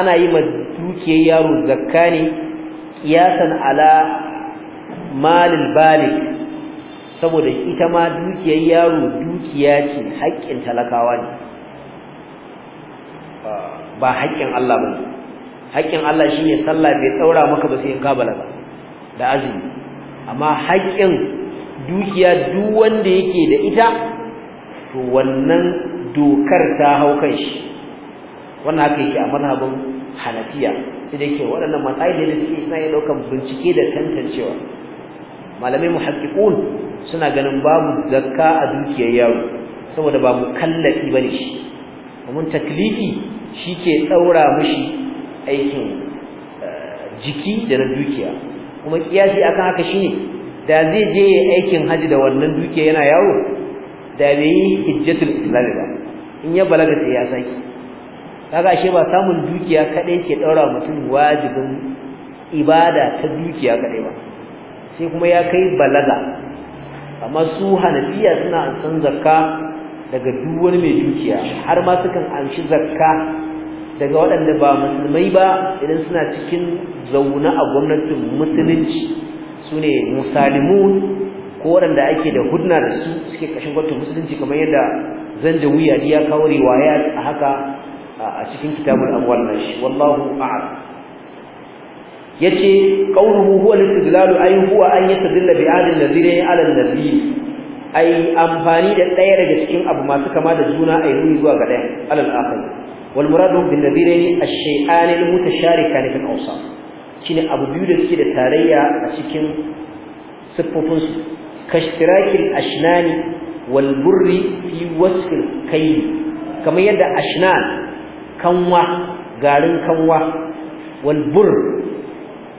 Speaker 1: ana yi ma dukiyar yaro zakka ne kiyasan ala malil balik saboda ita ma dukiyar yaro dukiya ce haƙƙin talakawa ne ba haƙƙin Allah ba haƙƙin Allah shine sallah bai tsaura maka ba sai in ka ba. da azumi amma haƙƙin dukiya duk wanda yake da ita to wannan dokar ta hau kan shi wannan haka yake a manhabin hanafiya sai da yake waɗannan matsayi da suke suna yin ɗaukar bincike da tantancewa malamai muhaqqiqun suna ganin babu zakka a dukiyar yaro saboda ba ne bane shi domin taklifi shike daura mishi aikin eh, jiki da na dukiya kuma kiyasi akan haka shine da zai je ya aikin haji da wannan duke yana yawo da bai hijjatul islam ba in ya balaga sai ya saki kaga ashe ba samun dukiya kadai ke daura mutum wajibin ibada ta dukiya kadai ba sai kuma ya kai balaga amma su hanafiya suna san zakka daga duk wani mai dukiya har ma sukan shi zakka daga waɗanda ba musulmai ba idan suna cikin zaune a gwamnatin musulunci su ne musalimun ko waɗanda ake da hudna da su suke ƙashin gwamnatin musulunci kamar yadda zan wuya ya kawo riwaya a haka a cikin kitabul amwal nashi wallahu ya ce qawluhu huwa al-istidlalu huwa an yastadilla bi adil nadhiri ala an-nabi ai amfani da ɗaya daga cikin abu masu kama da juna a yi zuwa ga ɗaya alal akhir والمراد بالنذيرين الشيئان المتشاركان في الاوصاف shine abu biyu da suke da tarayya a cikin siffofin Kastirakin kashtirakil ashnani wal burri fi wasfil kayl kamar yadda ashnan kanwa garin kanwa wal burr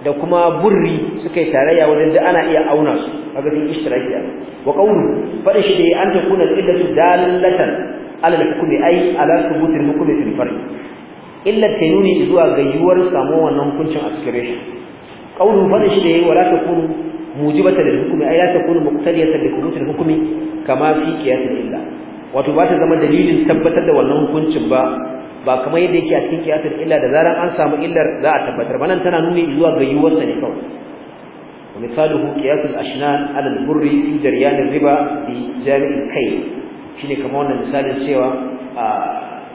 Speaker 1: da kuma burri suka tarayya wajen da ana iya auna su kaga sun ishtiraki wa qawlu fada shi da an takuna al-iddatu dalatan alal hukumi ai ala subutul hukumi fil far'i illa ta nuni zuwa ga yuwar samu wannan hukuncin aspiration qawlu fadin shi da yayi wala takunu mujibatan lil hukumi ai la takunu muqtadiyatan li thubutil hukumi kama fi qiyas al illa wato ba ta zama dalilin tabbatar da wannan hukuncin ba ba kamar yadda yake a cikin qiyas al illa da zaran an samu illar za a tabbatar ba nan tana nuni zuwa ga yuwar sa ne kawai ومثاله قياس الأشنان على البر في جريان الربا في جامع الكيل shine kamar wannan misalin cewa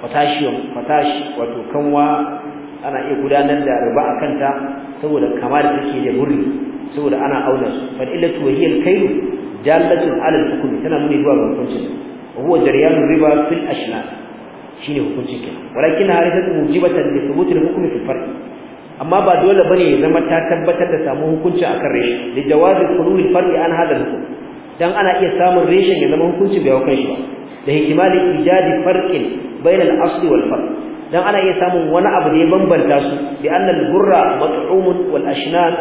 Speaker 1: potassium potash wato kanwa ana iya gudanar da riba a kanta saboda kama da take da burri saboda ana auna su fa illatu wa hiya al-kayl dalatun ala al-hukm tana nuni zuwa ga hukuncin huwa jaryan riba fil ashna shine hukuncin kenan walakin harifatu mujibatan li thubut al-hukm fi farq amma ba dole bane ya zama ta tabbatar da samu hukunci akan rashi da jawazi khulul far'i an hada al-hukm dan ana iya samun reshen ya zama hukuncin bai shi ba da hikimali ijadi farqin bainal asli wal farq dan ana iya samun wani abu da ya bambanta su bi anna al burra mat'umun wal ashnan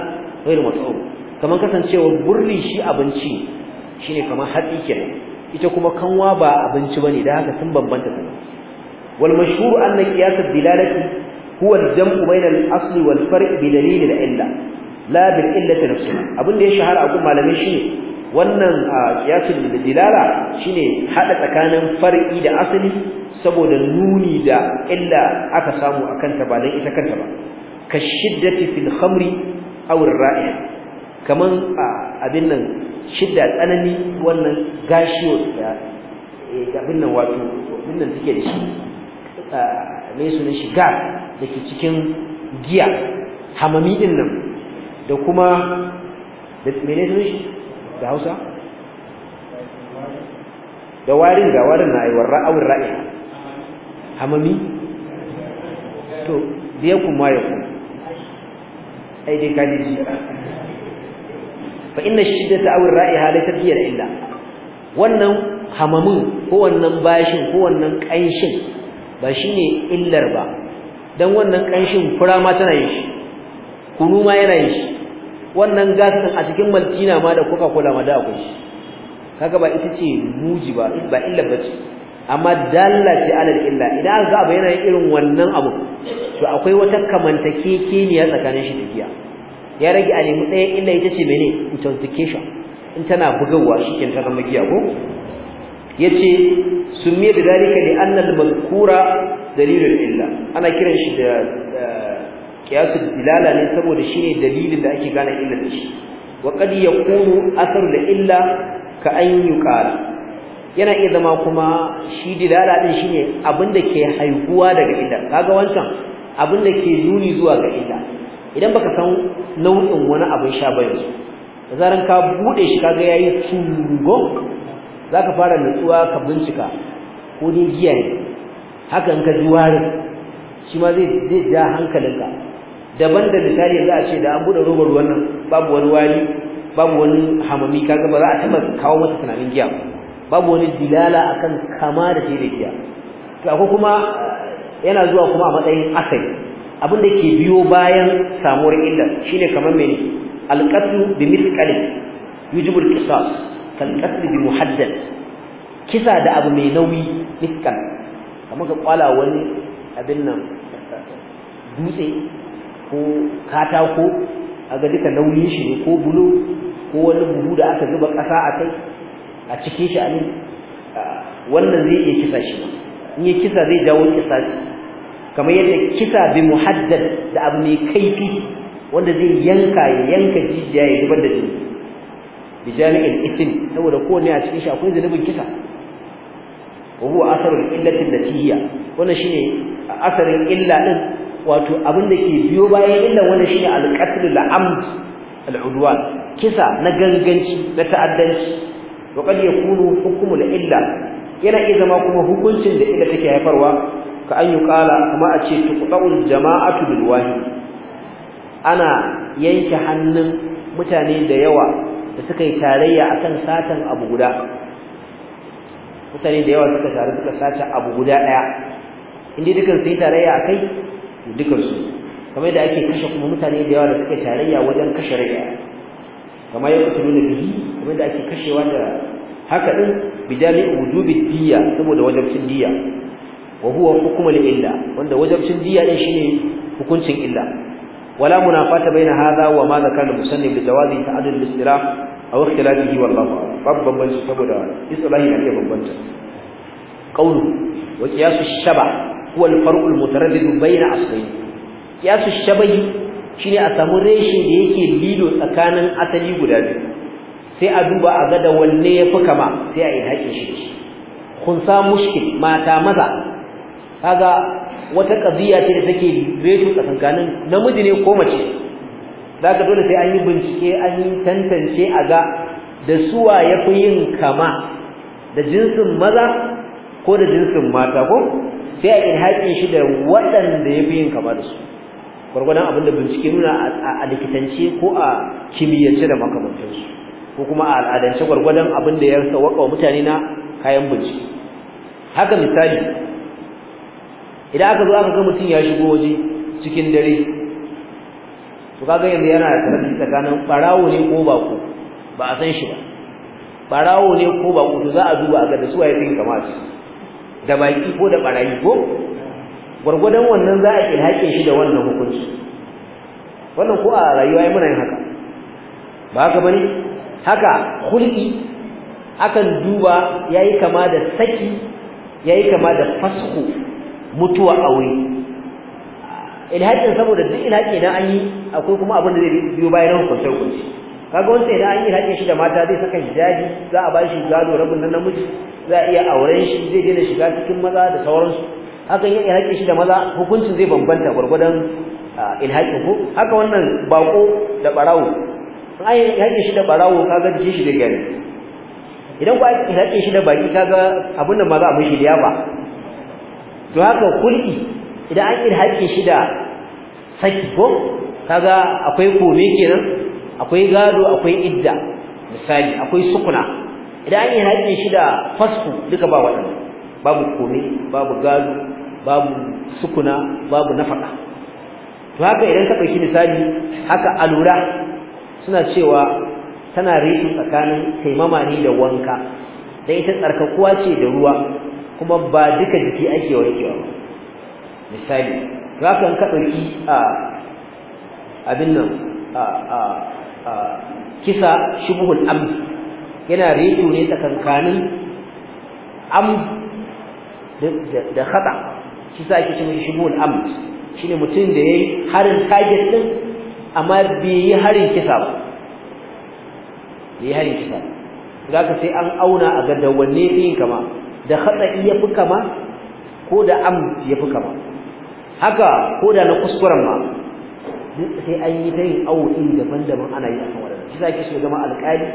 Speaker 1: ghayr mat'um kaman kasancewa burri shi abinci shine kaman hatsi kenan ita kuma kanwa ba abinci bane da haka sun bambanta su wal mashhur anna qiyas al dilalati huwa al jam'u bainal asli wal farq bi dalil al illa la bil illati nafsiha abin da ya shahara a kuma malamai shine wannan qiyasul dilala shine hada tsakanin far'i da asali saboda nuni da illa aka samu akan ta ba dan ita kanta ba ka shiddati fil khamri aw ar-ra'i kaman abin nan shidda tsanani wannan gashiyo da e, abin nan wato abin nan take da shi mai sunan shiga ga dake cikin giya hamami din nan da kuma da menene shi da Hausa da warin da warin na aiwar ra'awin ra'i hamami to biya ya kuma ya kuma ai dai kali ji fa inna shiddata awir ra'iha ta tafiyar illa wannan hamamin ko wannan bashin ko wannan kanshin ba shine illar ba dan wannan kanshin fura ma tana yin shi kunu ma yana yin shi wannan gas a cikin maltina ma da kuka kula ma da akwai shi. kaga ba ita ce muji ba ba illa bace amma dalla ce illa idan aka ga bayana irin wannan abu to akwai wata ya tsakanin shi da giya ya rage a nemi ɗaya illa ita ce mene intoxication in tana bugawa shikin ta zama giya ko yace summiya da dalika li anna al mazkura dalilul illa ana kiran shi da kiyasu dilala ne saboda shi ne dalilin da ake gane illar da shi wa qad yakunu atharu da illa ka an yuqala yana iya zama kuma shi dilala din shine abinda ke haihuwa daga illa kaga wancan abinda ke nuni zuwa ga illa idan baka san nau'in wani abin sha ba da zaran ka bude shi kaga yayi tungo zaka fara nutsuwa ka bincika ko ni giya ne haka in ka ji warin shi ma zai zai ja hankalinka daban da misali za a ce da an buɗe robar ruwan nan babu wani wali babu wani hamami kaga ba za a taba kawo masa tunanin giya babu wani dilala akan kama da shi da giya to akwai kuma yana zuwa kuma a matsayin asali abin da ke biyo bayan samuwar illa shine kamar ne alqatlu bi mithqali yujibu alqisas kal qatl bi muhaddad kisa da abu mai nauyi mithqal kamar ga kwala wani abin nan dutse ko katako a ga duka nauyin shi ne ko bulo ko wani buhu da aka zuba ƙasa a kai a cikin shi a ne wannan zai iya kisa shi in ya kisa zai jawo kisa shi kamar yadda kisa bi muhaddad da abu mai kaifi wanda zai yanka ya yanka jijiya ya zubar da jini bi jami'in itin saboda kowane a cikin shi akwai zanubin kisa wa huwa asarul illatin allati wannan shine asarin illa din wato abin da ke biyo bayan illa wannan shine al-qatl al-amd al kisa na ganganci na ta'addanci wa qad yakunu hukmu illa yana iya zama kuma hukuncin da illa take haifarwa ka an qala kuma a ce tuqta'ul jama'atu bil wahid ana yanke hannun mutane da yawa da suka yi tarayya akan satan abu guda mutane da yawa suka tarayya suka sace abu guda daya inda dukan su yi tarayya akai dukansu kamar da ake kashe kuma mutane da yawa da suka tarayya wajen kashe rai kamar ya kutu nuna bihi kamar da ake kashewa da haka din bijami wujubi diya saboda wajabcin diya wa huwa hukmu illa wanda wajabcin diya din shine hukuncin illa wala munafata baina hadha wa ma zakana musannif bi jawazi ta'addud al-istilah aw ikhtilafihi wallahu babban ban saboda istilahi da ke bambanta qawlu wa qiyasu shaba huwa al-far'u dubai na bayna aslayn qiyasu shabahi shine a samu reshe da yake lilo tsakanin asali guda biyu sai a duba a ga da wanne ya fi kama sai a yi haƙin shi kunsa mushkil mata maza kaga wata ƙabiya ce da take reto tsakanin namiji ne ko mace zaka dole sai an yi bincike an yi tantance a ga da suwa yafi yin kama da jinsin maza ko da jinsin mata ko sai a ilhaƙin shi da waɗanda ya fi yin kama da su gwargwadon abin da bincike nuna a likitance ko a kimiyyance da makamantansu ko kuma a al'adance gwargwadon abin da ya sawaka wa mutane na kayan bincike haka misali idan aka zo aka ga mutum ya shigo waje cikin dare to kaga yanzu yana da tarafi tsakanin barawo ne ko bako ba a san shi ba barawo ne ko bako to za a duba a ga da ya fi yin kama su da baki ko da barayi ko gwargwadon wannan za a ilhaƙe shi da wannan hukunci wannan ko a rayuwa ya muna yin haka ba haka bane haka hulki akan duba yayi kama da saki yayi kama da fasku mutuwa aure ilhaƙin saboda duk ilhaƙi na an yi akwai kuma abin da zai biyo bayan hukuncin hukunci kaga wanda idan an yi ilhaƙin shi da mata zai saka hijabi za a ba shi gado rabin na namiji za a iya auren shi zai gina shiga cikin maza da sauransu hakan ya ilhaƙe shi da maza hukuncin zai bambanta gwargwadon ilhaƙin ko haka wannan baƙo da ɓarawo an ilhaƙe shi da ɓarawo kaga jikin shi da gani idan ku ilhaƙe shi da baƙi kaga abin da maza a mushi da yaba to haka kulki idan an ilhaƙe shi da saki ko kaga akwai kome kenan akwai gado akwai idda misali akwai sukuna idan an yi haƙe shi da duka ba waɗanda babu kome babu gado babu sukuna babu nafaka to haka idan ka ɗauki misali haka alura suna cewa tana rikin tsakanin taimama ne da wanka don ita tsarkakuwa ce da ruwa kuma ba duka jiki ake wankewa ba misali to haka in ka ɗauki a abin nan a kisa shubuhul Amin. yana reto ne tsakankanin am da khata shi sa ake cewa bol am shine mutum da yayi harin target din amma bai yi harin kisa ba bai yi harin kisa ba ka sai an auna a ga wanne yin kama da khata ya fi kama ko da am ya fi kama haka ko da na kuskuren ma sai an yi ta yin daban-daban ana yi a kawai shi sa ake so zama alƙali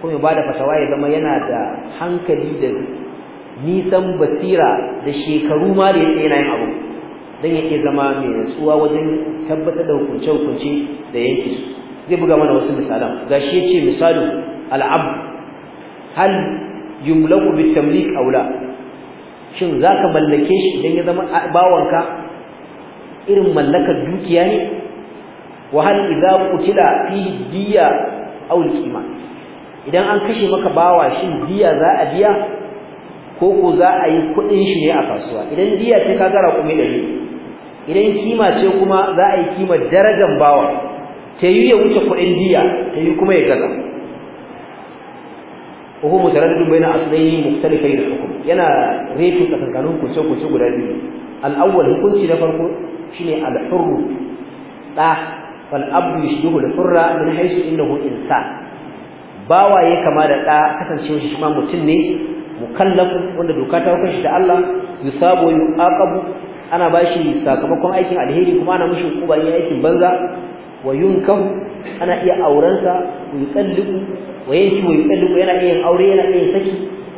Speaker 1: ko mai bada fatawa ya zama yana da hankali da nisan basira da shekaru ma da yake yana yin abu dan yake zama mai nutsuwa wajen tabbatar da hukunce hukunce da yanki. zai buga mana wasu misalan gashi yace misalin al'abd hal yumlaku bi tamlik la shin zaka mallake shi idan ya zama bawanka irin mallakar dukiya ne wa hal idza qutila fi diya aw al idan an kashe maka bawa shin diya za a biya ko ko za a yi kuɗin shi ne a kasuwa idan diya ce ka gara kuma ɗari idan kima ce kuma za a yi kima darajar bawa ta yi ya wuce kuɗin diya ta yi kuma ya gaza وهو متردد بين أصلين da hukum. yana refi tsakankanin kuce-kuce guda biyu al'awwal hukunci na farko shine al Ɗa da fal abdu yashduhu da hurra min haythu innahu insan bawa ya kama da ɗa kasance shi ma mutum ne mukallaf wanda doka ta hukun shi da Allah sabo yi yuqabu ana bashi sakamakon aikin alheri kuma ana mishi hukuma yin aikin banza wa kan ana iya aurensa yi yuqallibu wa shi wa yuqallibu yana iya yin aure yana iya saki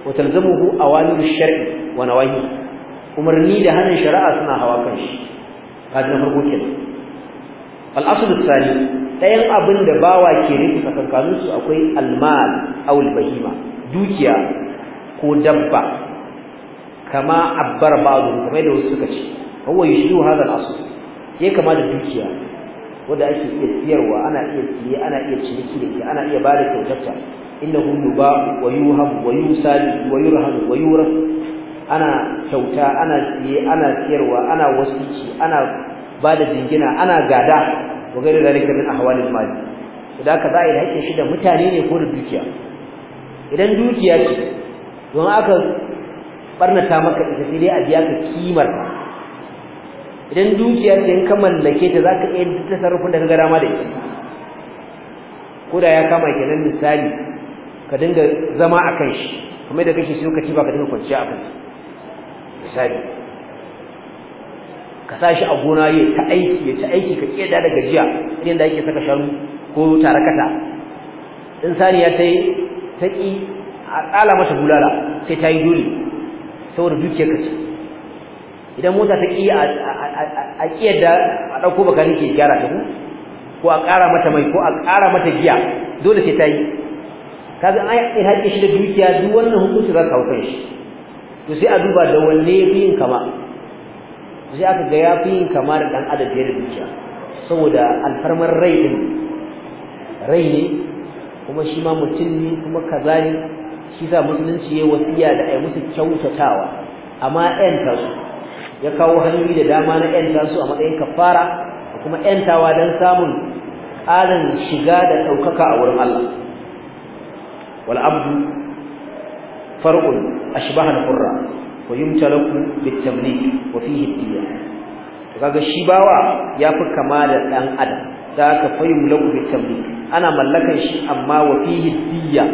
Speaker 1: wa talzamuhu wani shari'i wa nawahi umarni da hannun shari'a suna hawa kan shi kafin farko kenan al'asul tsari ɗayan abin da bawa ke rufe su akwai aw al bahima dukiya ko dabba kama abbar ba'du kuma da wasu suka ce huwa yushiru hadha al-asl ya kama da dukiya wanda ake iya siyarwa ana iya siye ana iya ciniki da ke ana iya bada kyautata innahu yuba wa yuhab wa yusal wa yurhab wa yura ana kyauta ana siye ana siyarwa ana wasiki ana ba da jingina ana gada wa gari zalika min ahwalil mali idan ka za a yi shi da mutane ne ko da dukiya idan dukiya ce don aka barnata maka ita sai dai a biya ka kimar ka idan dukiya ce in ka mallake ta za ka iya tasarrufin da ka gada ma da ita ko da ya kama kenan misali ka dinga zama a kan shi kuma da kake shi ka ci ba ka dinga kwanciya a kan misali ka sa shi a gona ya ta aiki ya ci aiki ka keda da gajiya irin da ake saka shanu ko tarakata in saniya ya yi ta ƙi a tsala mata bulala sai ta yi dole saboda dukiyar ka ce idan mota ta ƙi a ƙiyar da a ɗauko baka nake gyara ta ko a ƙara mata mai ko a ƙara mata giya dole sai ta yi kaga an yi haƙe shi da dukiya duk wannan hukunci za ka hau shi to sai a duba da wanne ya fi yin kama sai aka ga ya fi yin kama da ɗan adam fiye da dukiya saboda alfarmar rai ɗin rai ne kuma shi ma mutum ne kuma kaza ne shi sa musulunci ya wasiya da a musu kyautatawa amma ɗan tasu ya kawo hanyoyi da dama na ɗan tasu a matsayin kafara kuma ƴantawa don samun ƙarin shiga da ɗaukaka a wurin Allah wal abdu far'un ashbaha al-qurra wa yumtalaku bitamlik wa fihi kaga shi bawa yafi kama da dan adam da ka fayyum lahu bitamlik ana mallakan shi amma wa fihi diya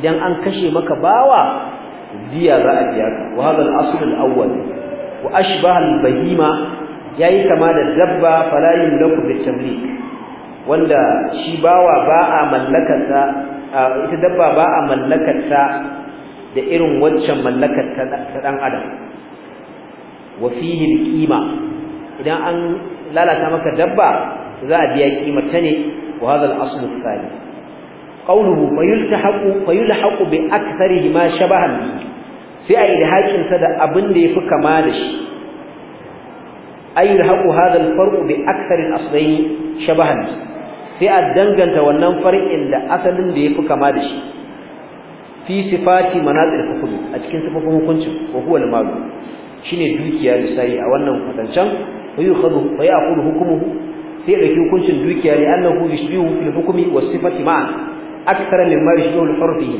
Speaker 1: idan an kashe maka bawa diya za a biya ka wa hadha al-asl al-awwal wa ashbaha al-bahima yayi kama da dabba fala yumlaku bitamlik wanda shi bawa ba a mallakarsa ita dabba ba a mallakarsa da irin waccan mallakar ta dan adam wa fihi qima idan an lalata maka dabba za a biya kima ta ne wa hadha al-asl al-thani qawluhu fayultahaqu fayulhaqu bi aktharihi ma shabaha sai a idhaqin sa da abin da yafi kama da shi ayulhaqu hadha al-farqu bi akthari al-aslayn shabaha sai a danganta wannan far'in da asalin da yafi kama da shi fi sifati manazil hukm a cikin sifofin hukuncin ko huwa al malu shine dukiya da sai a wannan kwatancan yukhadhu fa ya'khudhu hukmuhu sai da hukuncin dukiya ne annahu yashbihu fil hukmi was sifati ma'an akthara mimma yashbihu al-hurfi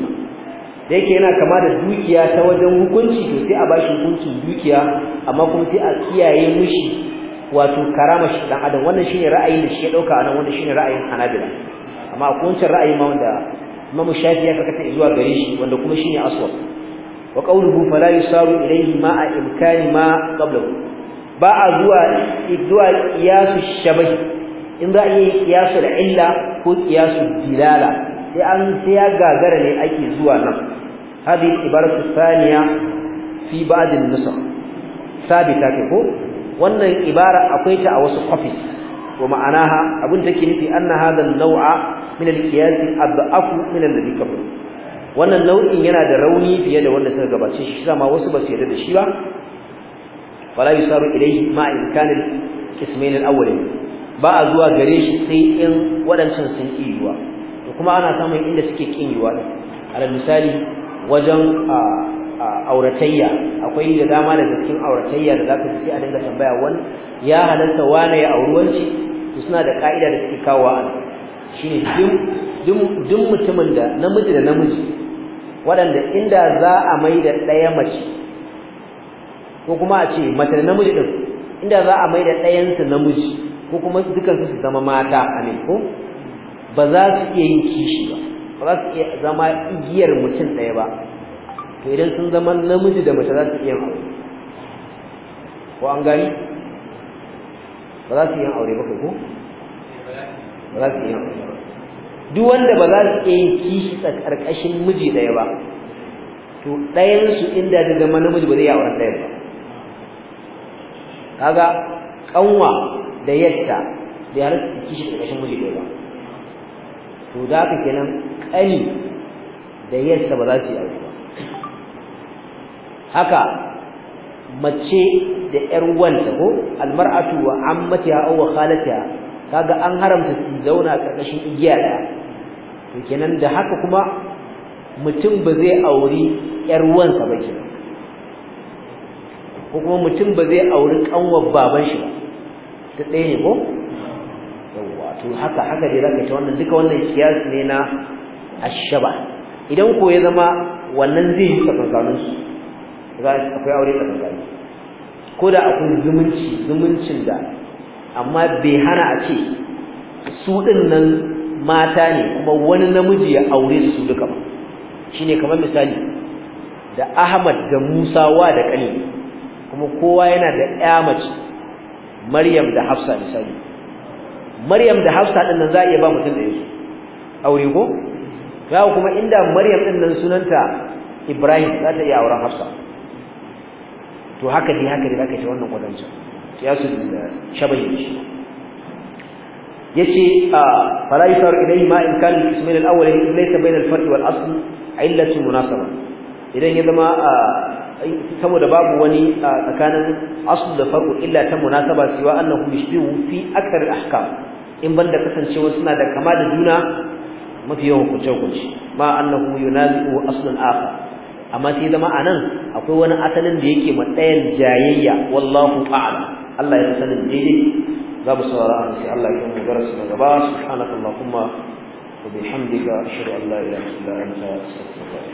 Speaker 1: da yake yana kama da dukiya ta wajen hukunci to sai a bashi hukuncin dukiya amma kuma sai a kiyaye mishi wato karama shi dan adam wannan shine ra'ayin da shi ya dauka anan wannan shine ra'ayin Hanabila amma akwai wancan ra'ayi ma wanda imamu shafi ya karkata zuwa gare shi wanda kuma shi ne aswab wa qawluhu fala yusaru ilayhi ma a imkani ma qablahu ba a zuwa zuwa qiyasu shabahi in za a yi qiyasu da illa ko qiyasu dilala sai an sai ya gagara ne ake zuwa nan hadhihi ibaratu thaniya fi ba'd an-nusakh sabita ko wannan ibara akwai ta a wasu office ومعناها أبن تكيني أن هذا النوع من القياس أضعف من الذي قبله wannan nau'in yana da rauni fiye da wanda suka gabace shi sama wasu ba su yarda da shi ba fala yusaru ilayhi ma imkanil qismain al-awwal ba a zuwa gare shi sai in wadancan sun iyuwa to kuma ana samun inda suke kin yuwa din misali wajen auratayya akwai da dama da cikin auratayya da zaka ji a dinga tambaya wani ya halatta wane ya auri wanci to suna da ka'ida da suke kawo a shine duk duk mutumin da namiji da namiji waɗanda inda za a mai da ɗaya mace ko kuma a ce mace da namiji ɗin inda za a mai da ɗayansu namiji ko kuma dukansu su zama mata a ne ko ba za su iya yin kishi ba ba za su iya zama igiyar mutum ɗaya ba to idan sun zama namiji da mace za su iya yin ko an gani ba za su yi aure ba ko ba za su yi aure duk wanda ba za su iya kishi tsarkashin miji daya ba to ɗayan su inda da zama namiji ba zai yi auren ɗayan ba kaga kanwa da yatta da yaran su kishi tsarkashin miji daya ba to za ka kenan kani da yatta ba za su yi aure ba haka mace da ƴar uwanta ko almar'atu wa ammatiha aw khalatiha kaga an haramta su zauna karkashin igiya da to kenan da haka kuma mutum ba zai auri ƴar uwansa ba ke ko kuma mutum ba zai auri kanwar baban shi ba ta ɗaya ne ko yawa to haka haka dai zaka ta wannan duka wannan kiyas ne na ashaba idan ko ya zama wannan zai yi tsakankanin su akwai aure da tsakani ko da akwai zumunci zumuncin da amma bai hana a ce su din nan mata ne kuma wani namiji ya aure su duka ba shine kamar misali da Ahmad da Musa wa da Kani kuma kowa yana da ƴa mace Maryam da Hafsa misali Maryam da Hafsa din nan za a iya ba mutum da yake aure ko ga kuma inda Maryam din nan sunanta Ibrahim za ta iya auren Hafsa to haka dai haka dai zaka ce wannan kwatanci qiyasul shabahi shi yace a fala yusar ilayhi ma in kana ismail al-awwal laysa bayna al-far'i wal asl illatu munasaba idan ya zama saboda babu wani tsakanin asl da far'u illa ta munasaba siwa annahu yushbihu fi akthar al-ahkam in banda kasancewa suna da kama da juna mafi yawan kuce-kuce ma annahu yunazi'u aslan akhar amma sai zama anan akwai wani asalin da yake ma jayayya wallahu ta'ala Allah ya sanin dai za mu saurara an sai Allah ya mu garasu na gaba kuma wa bihamdika ashhadu an la ilaha illa anta astaghfiruka